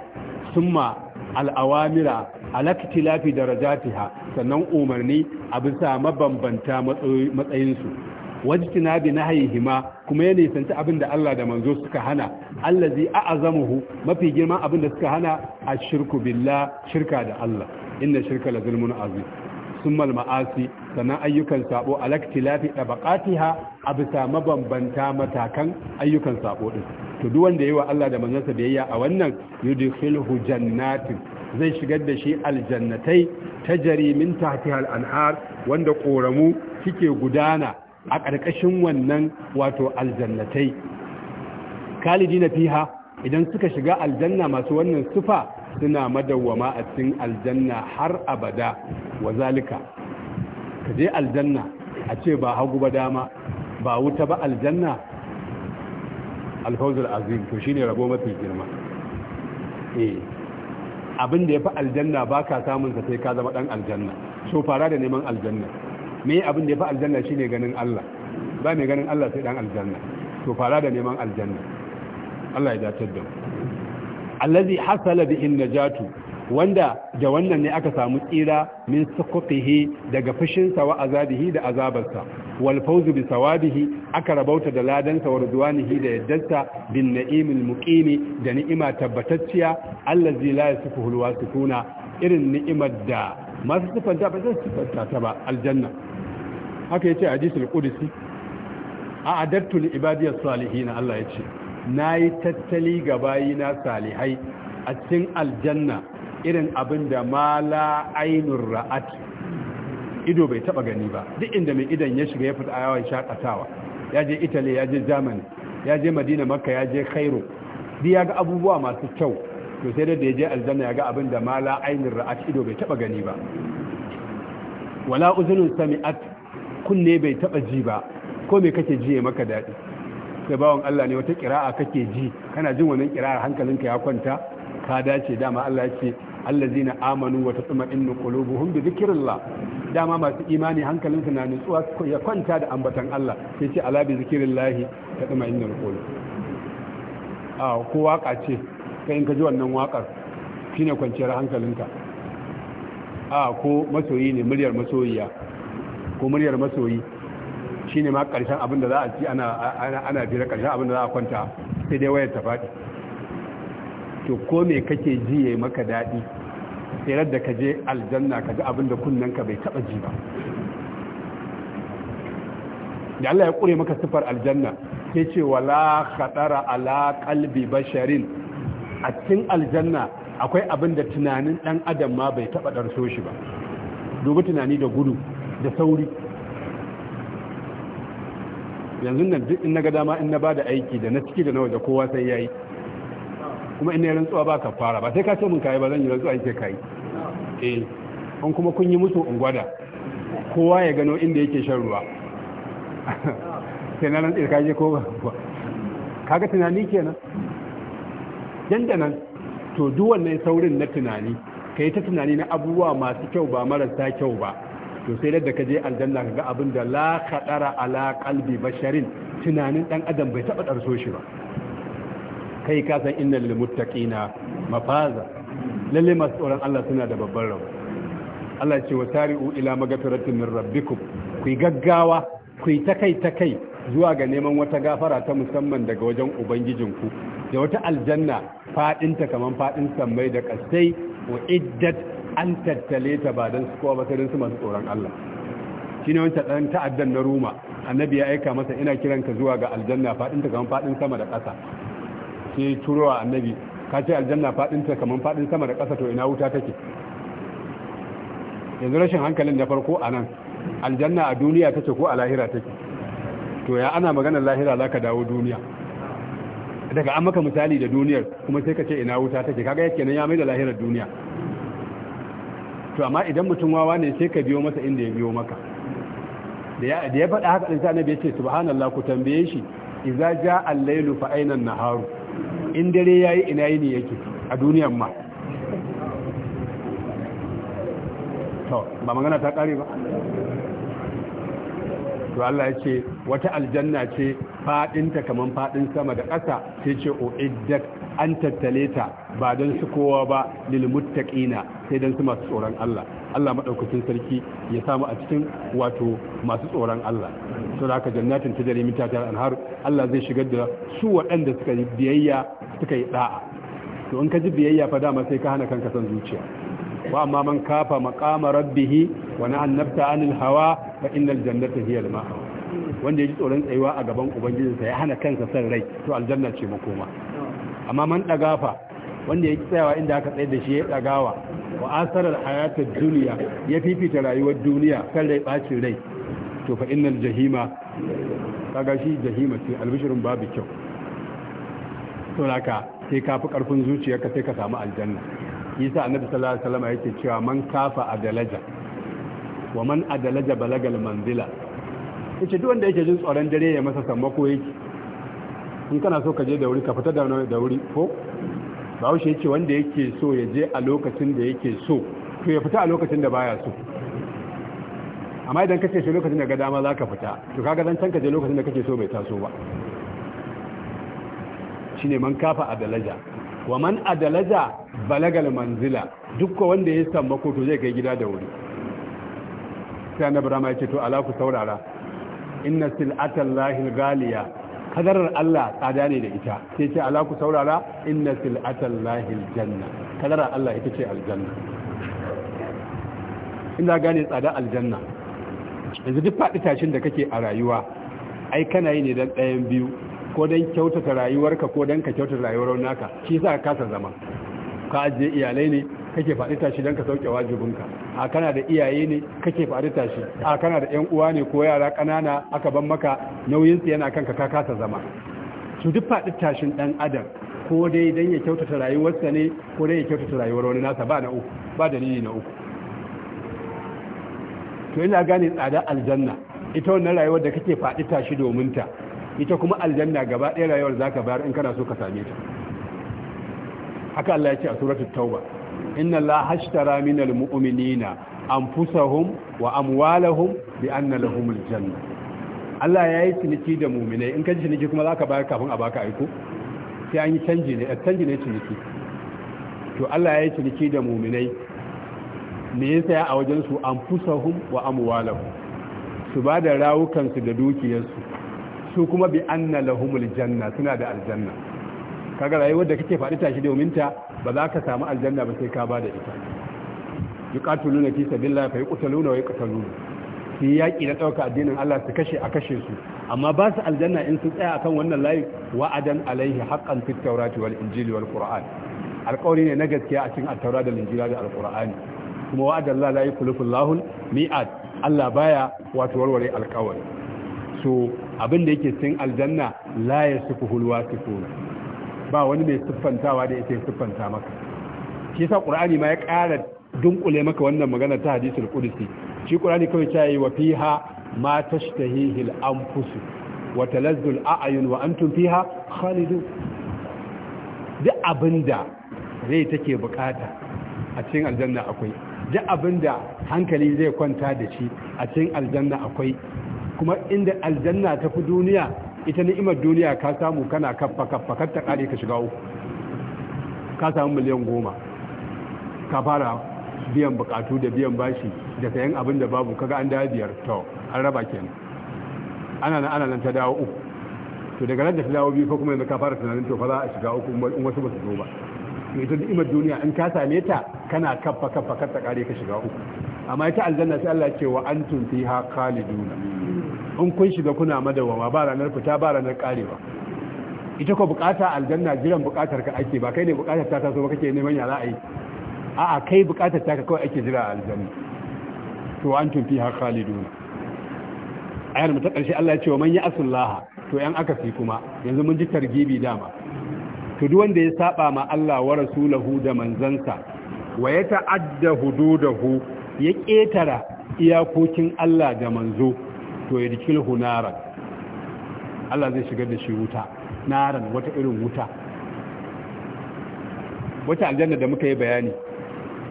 summa al-awamira alaktilafi darajatiha sannan umarni a bisa mabambanta matsayinsu wajtina bi nahayhima kuma ya nisanci abin da Allah da manzo suka hana allazi a'azamuhu mafi girman abin da suka hana ashirku billah shirka da Allah inna shirka la zulmun azim summal ma'asi sannan ayyukan sabo alaktilafi bakatiha a bisa mabambanta matakan ayyukan sabo din to duk wanda yayi wa Allah da manzansa biyayya a wannan yudkhilhu jannatin zai shigar da shi aljannatai ta min tahtiha al-anhar wanda koramu kike gudana a ƙarƙashin wannan wato aljannatai kalidina fiha idan suka shiga aljanna masu wannan sifa suna madawwama a cikin aljanna har abada wa zalika ka je aljanna a ce ba hagu ba dama ba wuta ba aljanna alfawzul azim to shine rabo mafi girma eh abin da yafi aljanna ba ka samun sa sai ka zama dan aljanna so fara da neman aljanna me abin da yafi aljanna shine ganin Allah ba mai ganin Allah sai dan aljanna to fara da neman aljanna Allah ya dace da mu allazi hasala bihin najatu wanda da wannan ne aka samu tsira min sukufihi daga fushinsa wa azabihi da azabarsa wal fawzu bi sawabihi aka rabauta da ladansa wa ridwanihi da yaddarsa bin na'imil muqimi da ni'ima tabbatacciya allazi la yasifuhu alwasifuna irin ni'imar da masu sifanta ba zai sifanta ta ba aljanna haka yace hadisul qudsi a'adattu li ibadiyas salihin Allah yace na yi tattali ga na salihai a cikin aljanna irin abin da mala ainun ra'at ido bai taba gani ba duk inda mai idan ya shiga ya fita yawon shakatawa ya je italy ya je germany ya je madina makka ya je cairo duk ya ga abubuwa masu kyau to sai da ya je aljanna ya ga abin da mala ainun ra'at ido bai taba gani ba wala uzunun sami'at kunne bai taba ji ba ko me kake jiye maka daɗi kai bawan Allah ne wata kira'a kake ji kana jin wannan kira'a hankalinka ya kwanta ka dace dama Allah ya ce allazina amanu wa tatma'innu qulubuhum bi dhikrillah dama masu imani hankalinsu na nutsuwa ya kwanta da ambatan Allah sai ce ala bi dhikrillah tatma'innul qulub a ko waka ce kai in ka ji wannan wakar shine kwanciyar hankalinka a ko masoyi ne muryar masoyiya ko muryar masoyi shine ma karshen abin da za a ci ana ana da karshen abin da za a kwanta sai dai wayar ta faɗi to ko me kake ji yayi maka daɗi tsirar da ka je aljanna ka ji abin da ka bai taɓa ji ba da Allah ya ƙure maka sifar aljanna sai ce wala khatara ala qalbi basharin a cikin aljanna akwai abin da tunanin ɗan adam ma bai taɓa ɗarso shi ba dubi tunani da gudu da sauri yanzu nan duk in na ga dama in na ba da aiki da na ciki da na waje kowa sai ya yi kuma in na rantsuwa ba ka fara ba sai ka ce mun kayi ba zan yi rantsuwa in kai. kayi eh an kuma kun yi musu in gwada kowa ya gano inda yake shan ruwa sai na rantsi ka je ko kaga tunani kenan yanda nan to duk wannan saurin na tunani kai ta tunani na abubuwa masu kyau ba marasa kyau ba to sai da ka je aljanna ka ga abin da la kadara ala qalbi basharin tunanin dan adam bai taba darso shi ba kai ka san innal muttaqina mafaza lalle masu Allah suna da babban rabo Allah ce wa tari'u ila magfiratin min rabbikum ku gaggawa ku ta kai ta zuwa ga neman wata gafara ta musamman daga wajen ubangijinku da wata aljanna ta kaman fadin sammai da kasai wa’iddat an tattale ta ba don su kowa ba su masu tsoron Allah shi ne wancan ɗan ta'addan na Roma annabi ya aika masa ina kiran ka zuwa ga aljanna faɗin ta kamar faɗin sama da ƙasa sai turowa annabi ka ce aljanna faɗin ta kamar faɗin sama da ƙasa to ina wuta take yanzu rashin hankalin na farko a nan aljanna a duniya take ko a lahira take to ya ana maganar lahira za ka dawo duniya daga an maka misali da duniyar kuma sai ka ce ina wuta take kaga yake nan ya mai da lahirar duniya to amma idan mutum wawa ne sai ka biyo masa inda ya biyo maka da ya faɗa haka dan sanabi ya ce subhanallahi ku tambaye shi iza ja lailu fa an-nahar in dare yayi ina yini yake a duniyar ma to ba magana ta kare ba to Allah ya ce wata aljanna ce faɗinta kamar faɗin sama da ƙasa sai ce o iddat an tattale ta ba don su kowa ba lil muttaqina sai don su masu tsoron Allah Allah madaukakin sarki ya samu a cikin wato masu tsoron Allah to haka jannatin tajri min tahtiha al-anhar Allah zai shigar da su waɗanda suka yi biyayya suka yi da'a to in ka ji biyayya fa dama sai ka hana kanka son zuciya wa amma man kafa maqama rabbih wa nahan nafsa anil hawa fa innal jannata hiya al ma'a wanda yaji tsoron tsayuwa a gaban ubangijinsa ya hana kansa san rai to aljanna ce makoma amma man dagafa wanda ya tsayawa inda aka tsaye da shi ya dagawa wa asarar hayatar duniya ya fifita rayuwar duniya kan rai bacin rai to fa innal jahima kaga shi jahima ce albishirin babu kyau to laka sai ka fi karfin zuciyarka sai ka samu aljanna yasa annabi sallallahu alaihi wasallam yake cewa man kafa adalaja wa man adalaja balagal manzila yace duk wanda yake jin tsoron dare ya masa sammako yake in kana so ka je da wuri ka fita da wuri ko bahaushe yake wanda yake so ya je a lokacin da yake so to ya fita a lokacin da baya so amma idan kace shi lokacin da ga dama za ka fita to kaga dan can ka je lokacin da kake so bai taso ba shine man kafa adalaja wa man adalaja balagal manzila dukkan wanda ya samu to zai kai gida da wuri sai annabi rama ya ce to ala ku saurara inna sil'atallahi galiya kadarar Allah tsada ne da ita sai ce ala ku saurara inna sil'atallahi janna kadarar Allah ita ce aljanna ina gane tsada aljanna yanzu duk faɗi tashin da kake a rayuwa ai kana yi ne dan ɗayan biyu ko don kyautata rayuwarka ko don ka kyautata rayuwar naka shi sa ka kasa zama ka ajiye iyalai ne kake faɗi tashi don ka sauke wajibinka a kana da iyaye ne kake faɗi tashi a kana da yan uwa ne ko yara ƙanana aka ban maka nauyin su yana kanka ka kasa zama su duk faɗi tashin ɗan adam ko dai don ya kyautata rayuwarsa ne ko dai ya kyautata rayuwar wani nasa ba na uku ba dalili na uku to ina gane tsada aljanna ita wannan rayuwar da kake faɗi tashi domin ta ita kuma aljanna gaba ɗaya rayuwar za ka bayar in kana so ka same ta haka Allah ya ce a suratul tauba inna Allah hashtara minal mu'minina anfusahum wa amwalahum bi anna lahumul janna Allah ya yi ciniki da mu'minai in ka ji ciniki kuma ka bayar kafin a baka aiko sai an yi canji ne a eh, canji ne ciniki to Allah ya yi ciniki da mu'minai me ya saya a wajen su anfusahum wa amwalahum su ba da rawukansu da su su kuma bi anna lahumul janna suna da aljanna kaga rayuwar da kake faɗi tashi domin ta ba za ka samu aljanna ba sai ka ba da ita yuqatuluna fi sabilillahi fa yuqtaluna wa yuqtaluna su yaƙi na ɗauka addinin Allah su kashe a kashe su amma ba su aljanna in su tsaya akan wannan layi wa'adan alaihi haqqan fit tawrati wal injili wal qur'an alƙawari ne na gaskiya a cikin at-taura da injila da al kuma wa'adan la la yukhlifu mi'ad Allah baya wato warware alƙawari so abin da yake cikin aljanna la yasifuhu alwasifuna ba wani mai siffantawa da yake siffanta maka shi yasa qur'ani ma ya ƙara dunkule maka wannan magana ta hadisul qudsi shi qur'ani kawai ta yi wa fiha ma tashtahihi al-anfus wa talazzu al-a'yun wa antum fiha khalidun duk abinda zai take bukata a cikin aljanna akwai duk abinda hankali zai kwanta da shi a cikin aljanna akwai kuma inda aljanna ta fi duniya ita ni'imar duniya ka samu kana kaffa kaffa kar ta kare ka shiga uku ka samu miliyan goma ka fara biyan bukatu da biyan bashi da sayan abin da babu kaga an dawo biyar to an raba kenan ana nan ana nan ta dawo uku to daga nan da ta dawo biyu ko kuma yanzu ka fara tunanin to fa za a shiga uku in wasu ba su zo ba to ita ni'imar duniya in ka same ta kana kaffa kaffa kar ta kare ka shiga uku amma ita aljanna sai Allah ce wa antum fiha khaliduna in kun shiga kuna madawama ba ranar fita ba ranar karewa ita ko bukata aljanna jiran bukatar ka ake ba kai ne bukatar ta taso ba kake neman ya za a yi a'a kai bukatar ta ka kawai ake jira a aljanna to wa antum fiha khaliduna ayar mu ta karshe Allah ya ce wa man ya'sullaha to yan aka fi kuma yanzu mun ji targibi dama to duk wanda ya saba ma Allah wa rasulahu da manzansa wa ya ta'adda hududahu ya ƙetara iyakokin Allah ga manzo to ya dikil hunaran Allah zai shigar da shi wuta naran wata irin wuta wata aljanna da muka yi bayani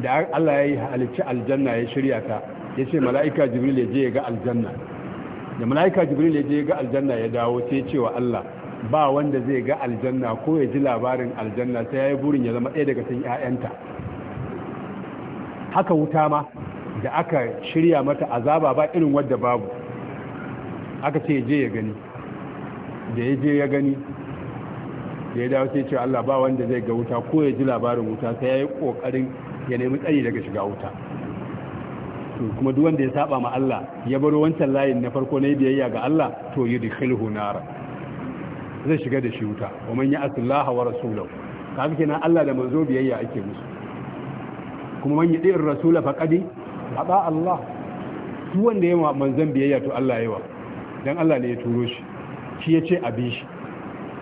da Allah ya yi halicci aljanna ya shirya ta ya ce mala'ika jibril ya je ya ga aljanna da mala'ika jibril ya je ya ga aljanna ya dawo sai cewa Allah ba wanda zai ga aljanna ko ya ji labarin aljanna sai ya yi burin ya zama ɗaya daga sun 'ya'yanta haka wuta ma da aka shirya mata azaba ba irin wadda babu aka ce je ya gani da ya je ya gani da ya dawo sai ce Allah ba wanda zai ga wuta ko ya ji labarin wuta sai ya yi kokarin ya nemi tsayi daga shiga wuta kuma duk wanda ya saba ma Allah ya baro wancan layin na farko na biyayya ga Allah to yudkhilhu nar zai shiga da shi wuta wa man ya'tillaha wa rasulahu kaga kenan Allah da manzo biyayya ake musu kuma man yudi rasula faqadi haɗa Allah su wanda ya manzan biyayya to Allah yawa don Allah ne ya turo shi shi ya ce abin shi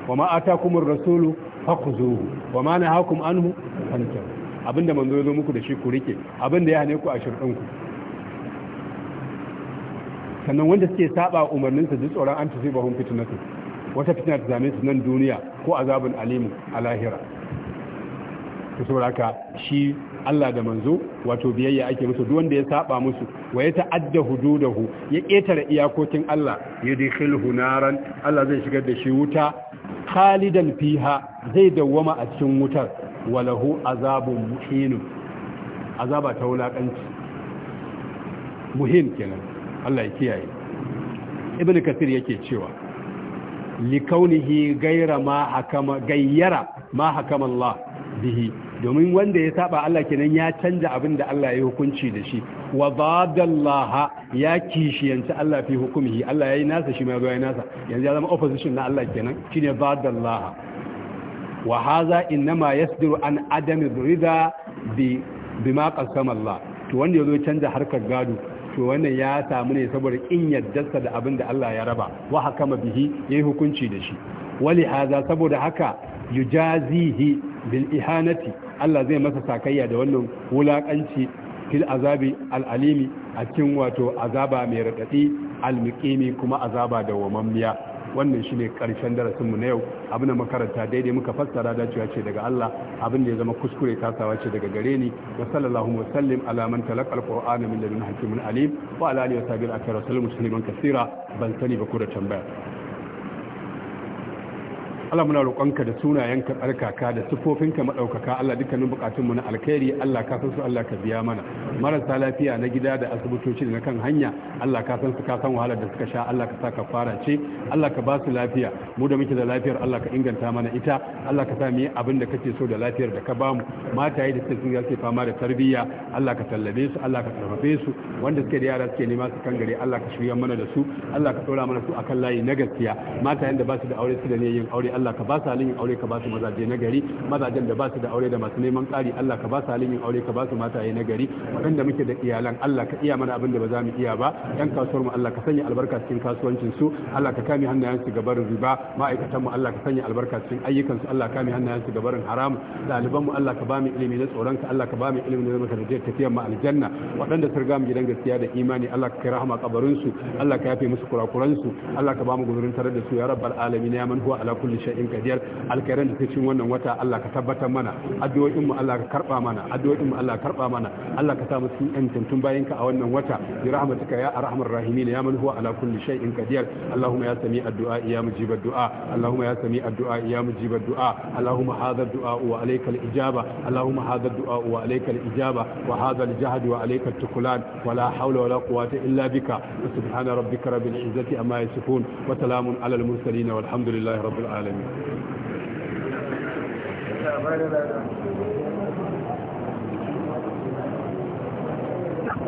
wa ma kuma rasulu haku fakuzuhu wa ma nahakum anhu fantahu abinda manzo ya zo muku da shi ku rike abinda ya hane ku a shirɗinku ku sannan wanda suke saba umarninsa duk tsoron an tafi bahun fitinatu wata fitina ta zame su nan duniya ko azabin alimu a lahira to saboda shi Allah da manzo wato biyayya ake musu duk wanda ya saba musu wa ya ta'adda hududahu ya ketare iyakokin Allah yudkhilhu naran Allah zai shigar da shi wuta khalidan fiha zai dawwama a cikin wutar walahu azabun muhin azaba ta wulakanci muhin kenan Allah ya kiyaye ibn kasir yake cewa likaunihi gayra ma hakama gayyara ma hakama Allah bihi domin wanda ya saba Allah kenan ya canja abin da Allah ya yi hukunci da shi wa badallaha ya kishiyanci Allah fi hukumihi Allah ya yi nasa shi ma yi nasa yanzu ya zama opposition na Allah kenan ne badallaha wa hadha inma yasduru an adami rida bi bima qasama Allah to wanda yazo canja harkar gado to wannan ya samu ne saboda kin yaddarsa da abin da Allah ya raba wa hakama bihi yayi hukunci da shi wali haza saboda haka yujazihi bil ihanati Allah zai masa sakayya da wannan wulakanci fil azabi al alimi a cikin wato azaba mai radadi al muqimi kuma azaba da wamammiya wannan shine karshen darasin mu na yau abin da makaranta daidai muka fassara da cewa ce daga Allah abin da ya zama kuskure kasawa ce daga gare ni wa sallallahu wa sallim ala man talaqa alqur'ana min ladun hakimin alim wa ala alihi wa sahbihi akthar sallu musliman kaseera ban sani ba ku da tambaya Allah muna roƙonka da sunayenka tsarkaka da sifofinka maɗaukaka Allah dukkanin buƙatunmu na alkhairi Allah ka san su Allah ka biya mana marasa lafiya na gida da asibitoci da na kan hanya Allah ka san su ka san wahalar da suka sha Allah ka sa ka fara ce Allah ka ba su lafiya mu da muke da lafiyar Allah ka inganta mana ita Allah ka sa mu yi abin da kake so da lafiyar da ka bamu mata yi da suke sun ce fama da tarbiyya Allah ka tallabe su Allah ka karfafe su wanda suke da yara suke nema su kan gare Allah ka shirya mana da su Allah ka ɗora mana su akan layi na gaskiya mata da ba su da aure su da ne yin aure Allah ka ba su halin yin aure ka ba su mazaje na gari mazajen da ba su da aure da masu neman ƙari Allah ka ba su halin yin aure ka ba su mataye na gari waɗanda muke da iyalan Allah ka iya mana abin da ba za mu iya ba ƴan kasuwar mu Allah ka sanya albarka cikin kasuwancin su Allah ka kame hannayen su gabarin riba ma'aikatan mu Allah ka sanya albarka cikin ayyukan su Allah ka kame hannayen su gabarin haram ɗaliban mu Allah ka ba mu ilimi na tsoron ka Allah ka ba mu ilimi na zama da tafiya mu aljanna waɗanda sun riga mu gidan gaskiya da imani Allah ka kai rahama kabarin su Allah ka yafe musu kurakuran su Allah ka ba mu gudurin tare da su ya rabbal alamin ya man huwa ala kulli shay in qadir alkhairan da cikin wannan wata Allah ka tabbatar mana addu'o'in mu Allah ka karba mana addu'o'in mu Allah ka karba mana Allah ka sa mu cikin yantantun bayan ka a wannan wata bi rahmatika ya arhamar rahimin ya man huwa ala kulli shay'in qadir Allahumma ya sami addu'a ya mujib du'a. Allahumma ya sami addu'a ya mujib du'a. Allahumma hadha du'a wa alayka al-ijaba Allahumma hadha du'a wa alayka al-ijaba wa hadha al-jahd wa alayka at-tuklan wa la hawla wa la quwwata illa bika subhana rabbika rabbil izzati amma yasifun wa salamun ala al-mursalin والحمد لله رب العالمين ba da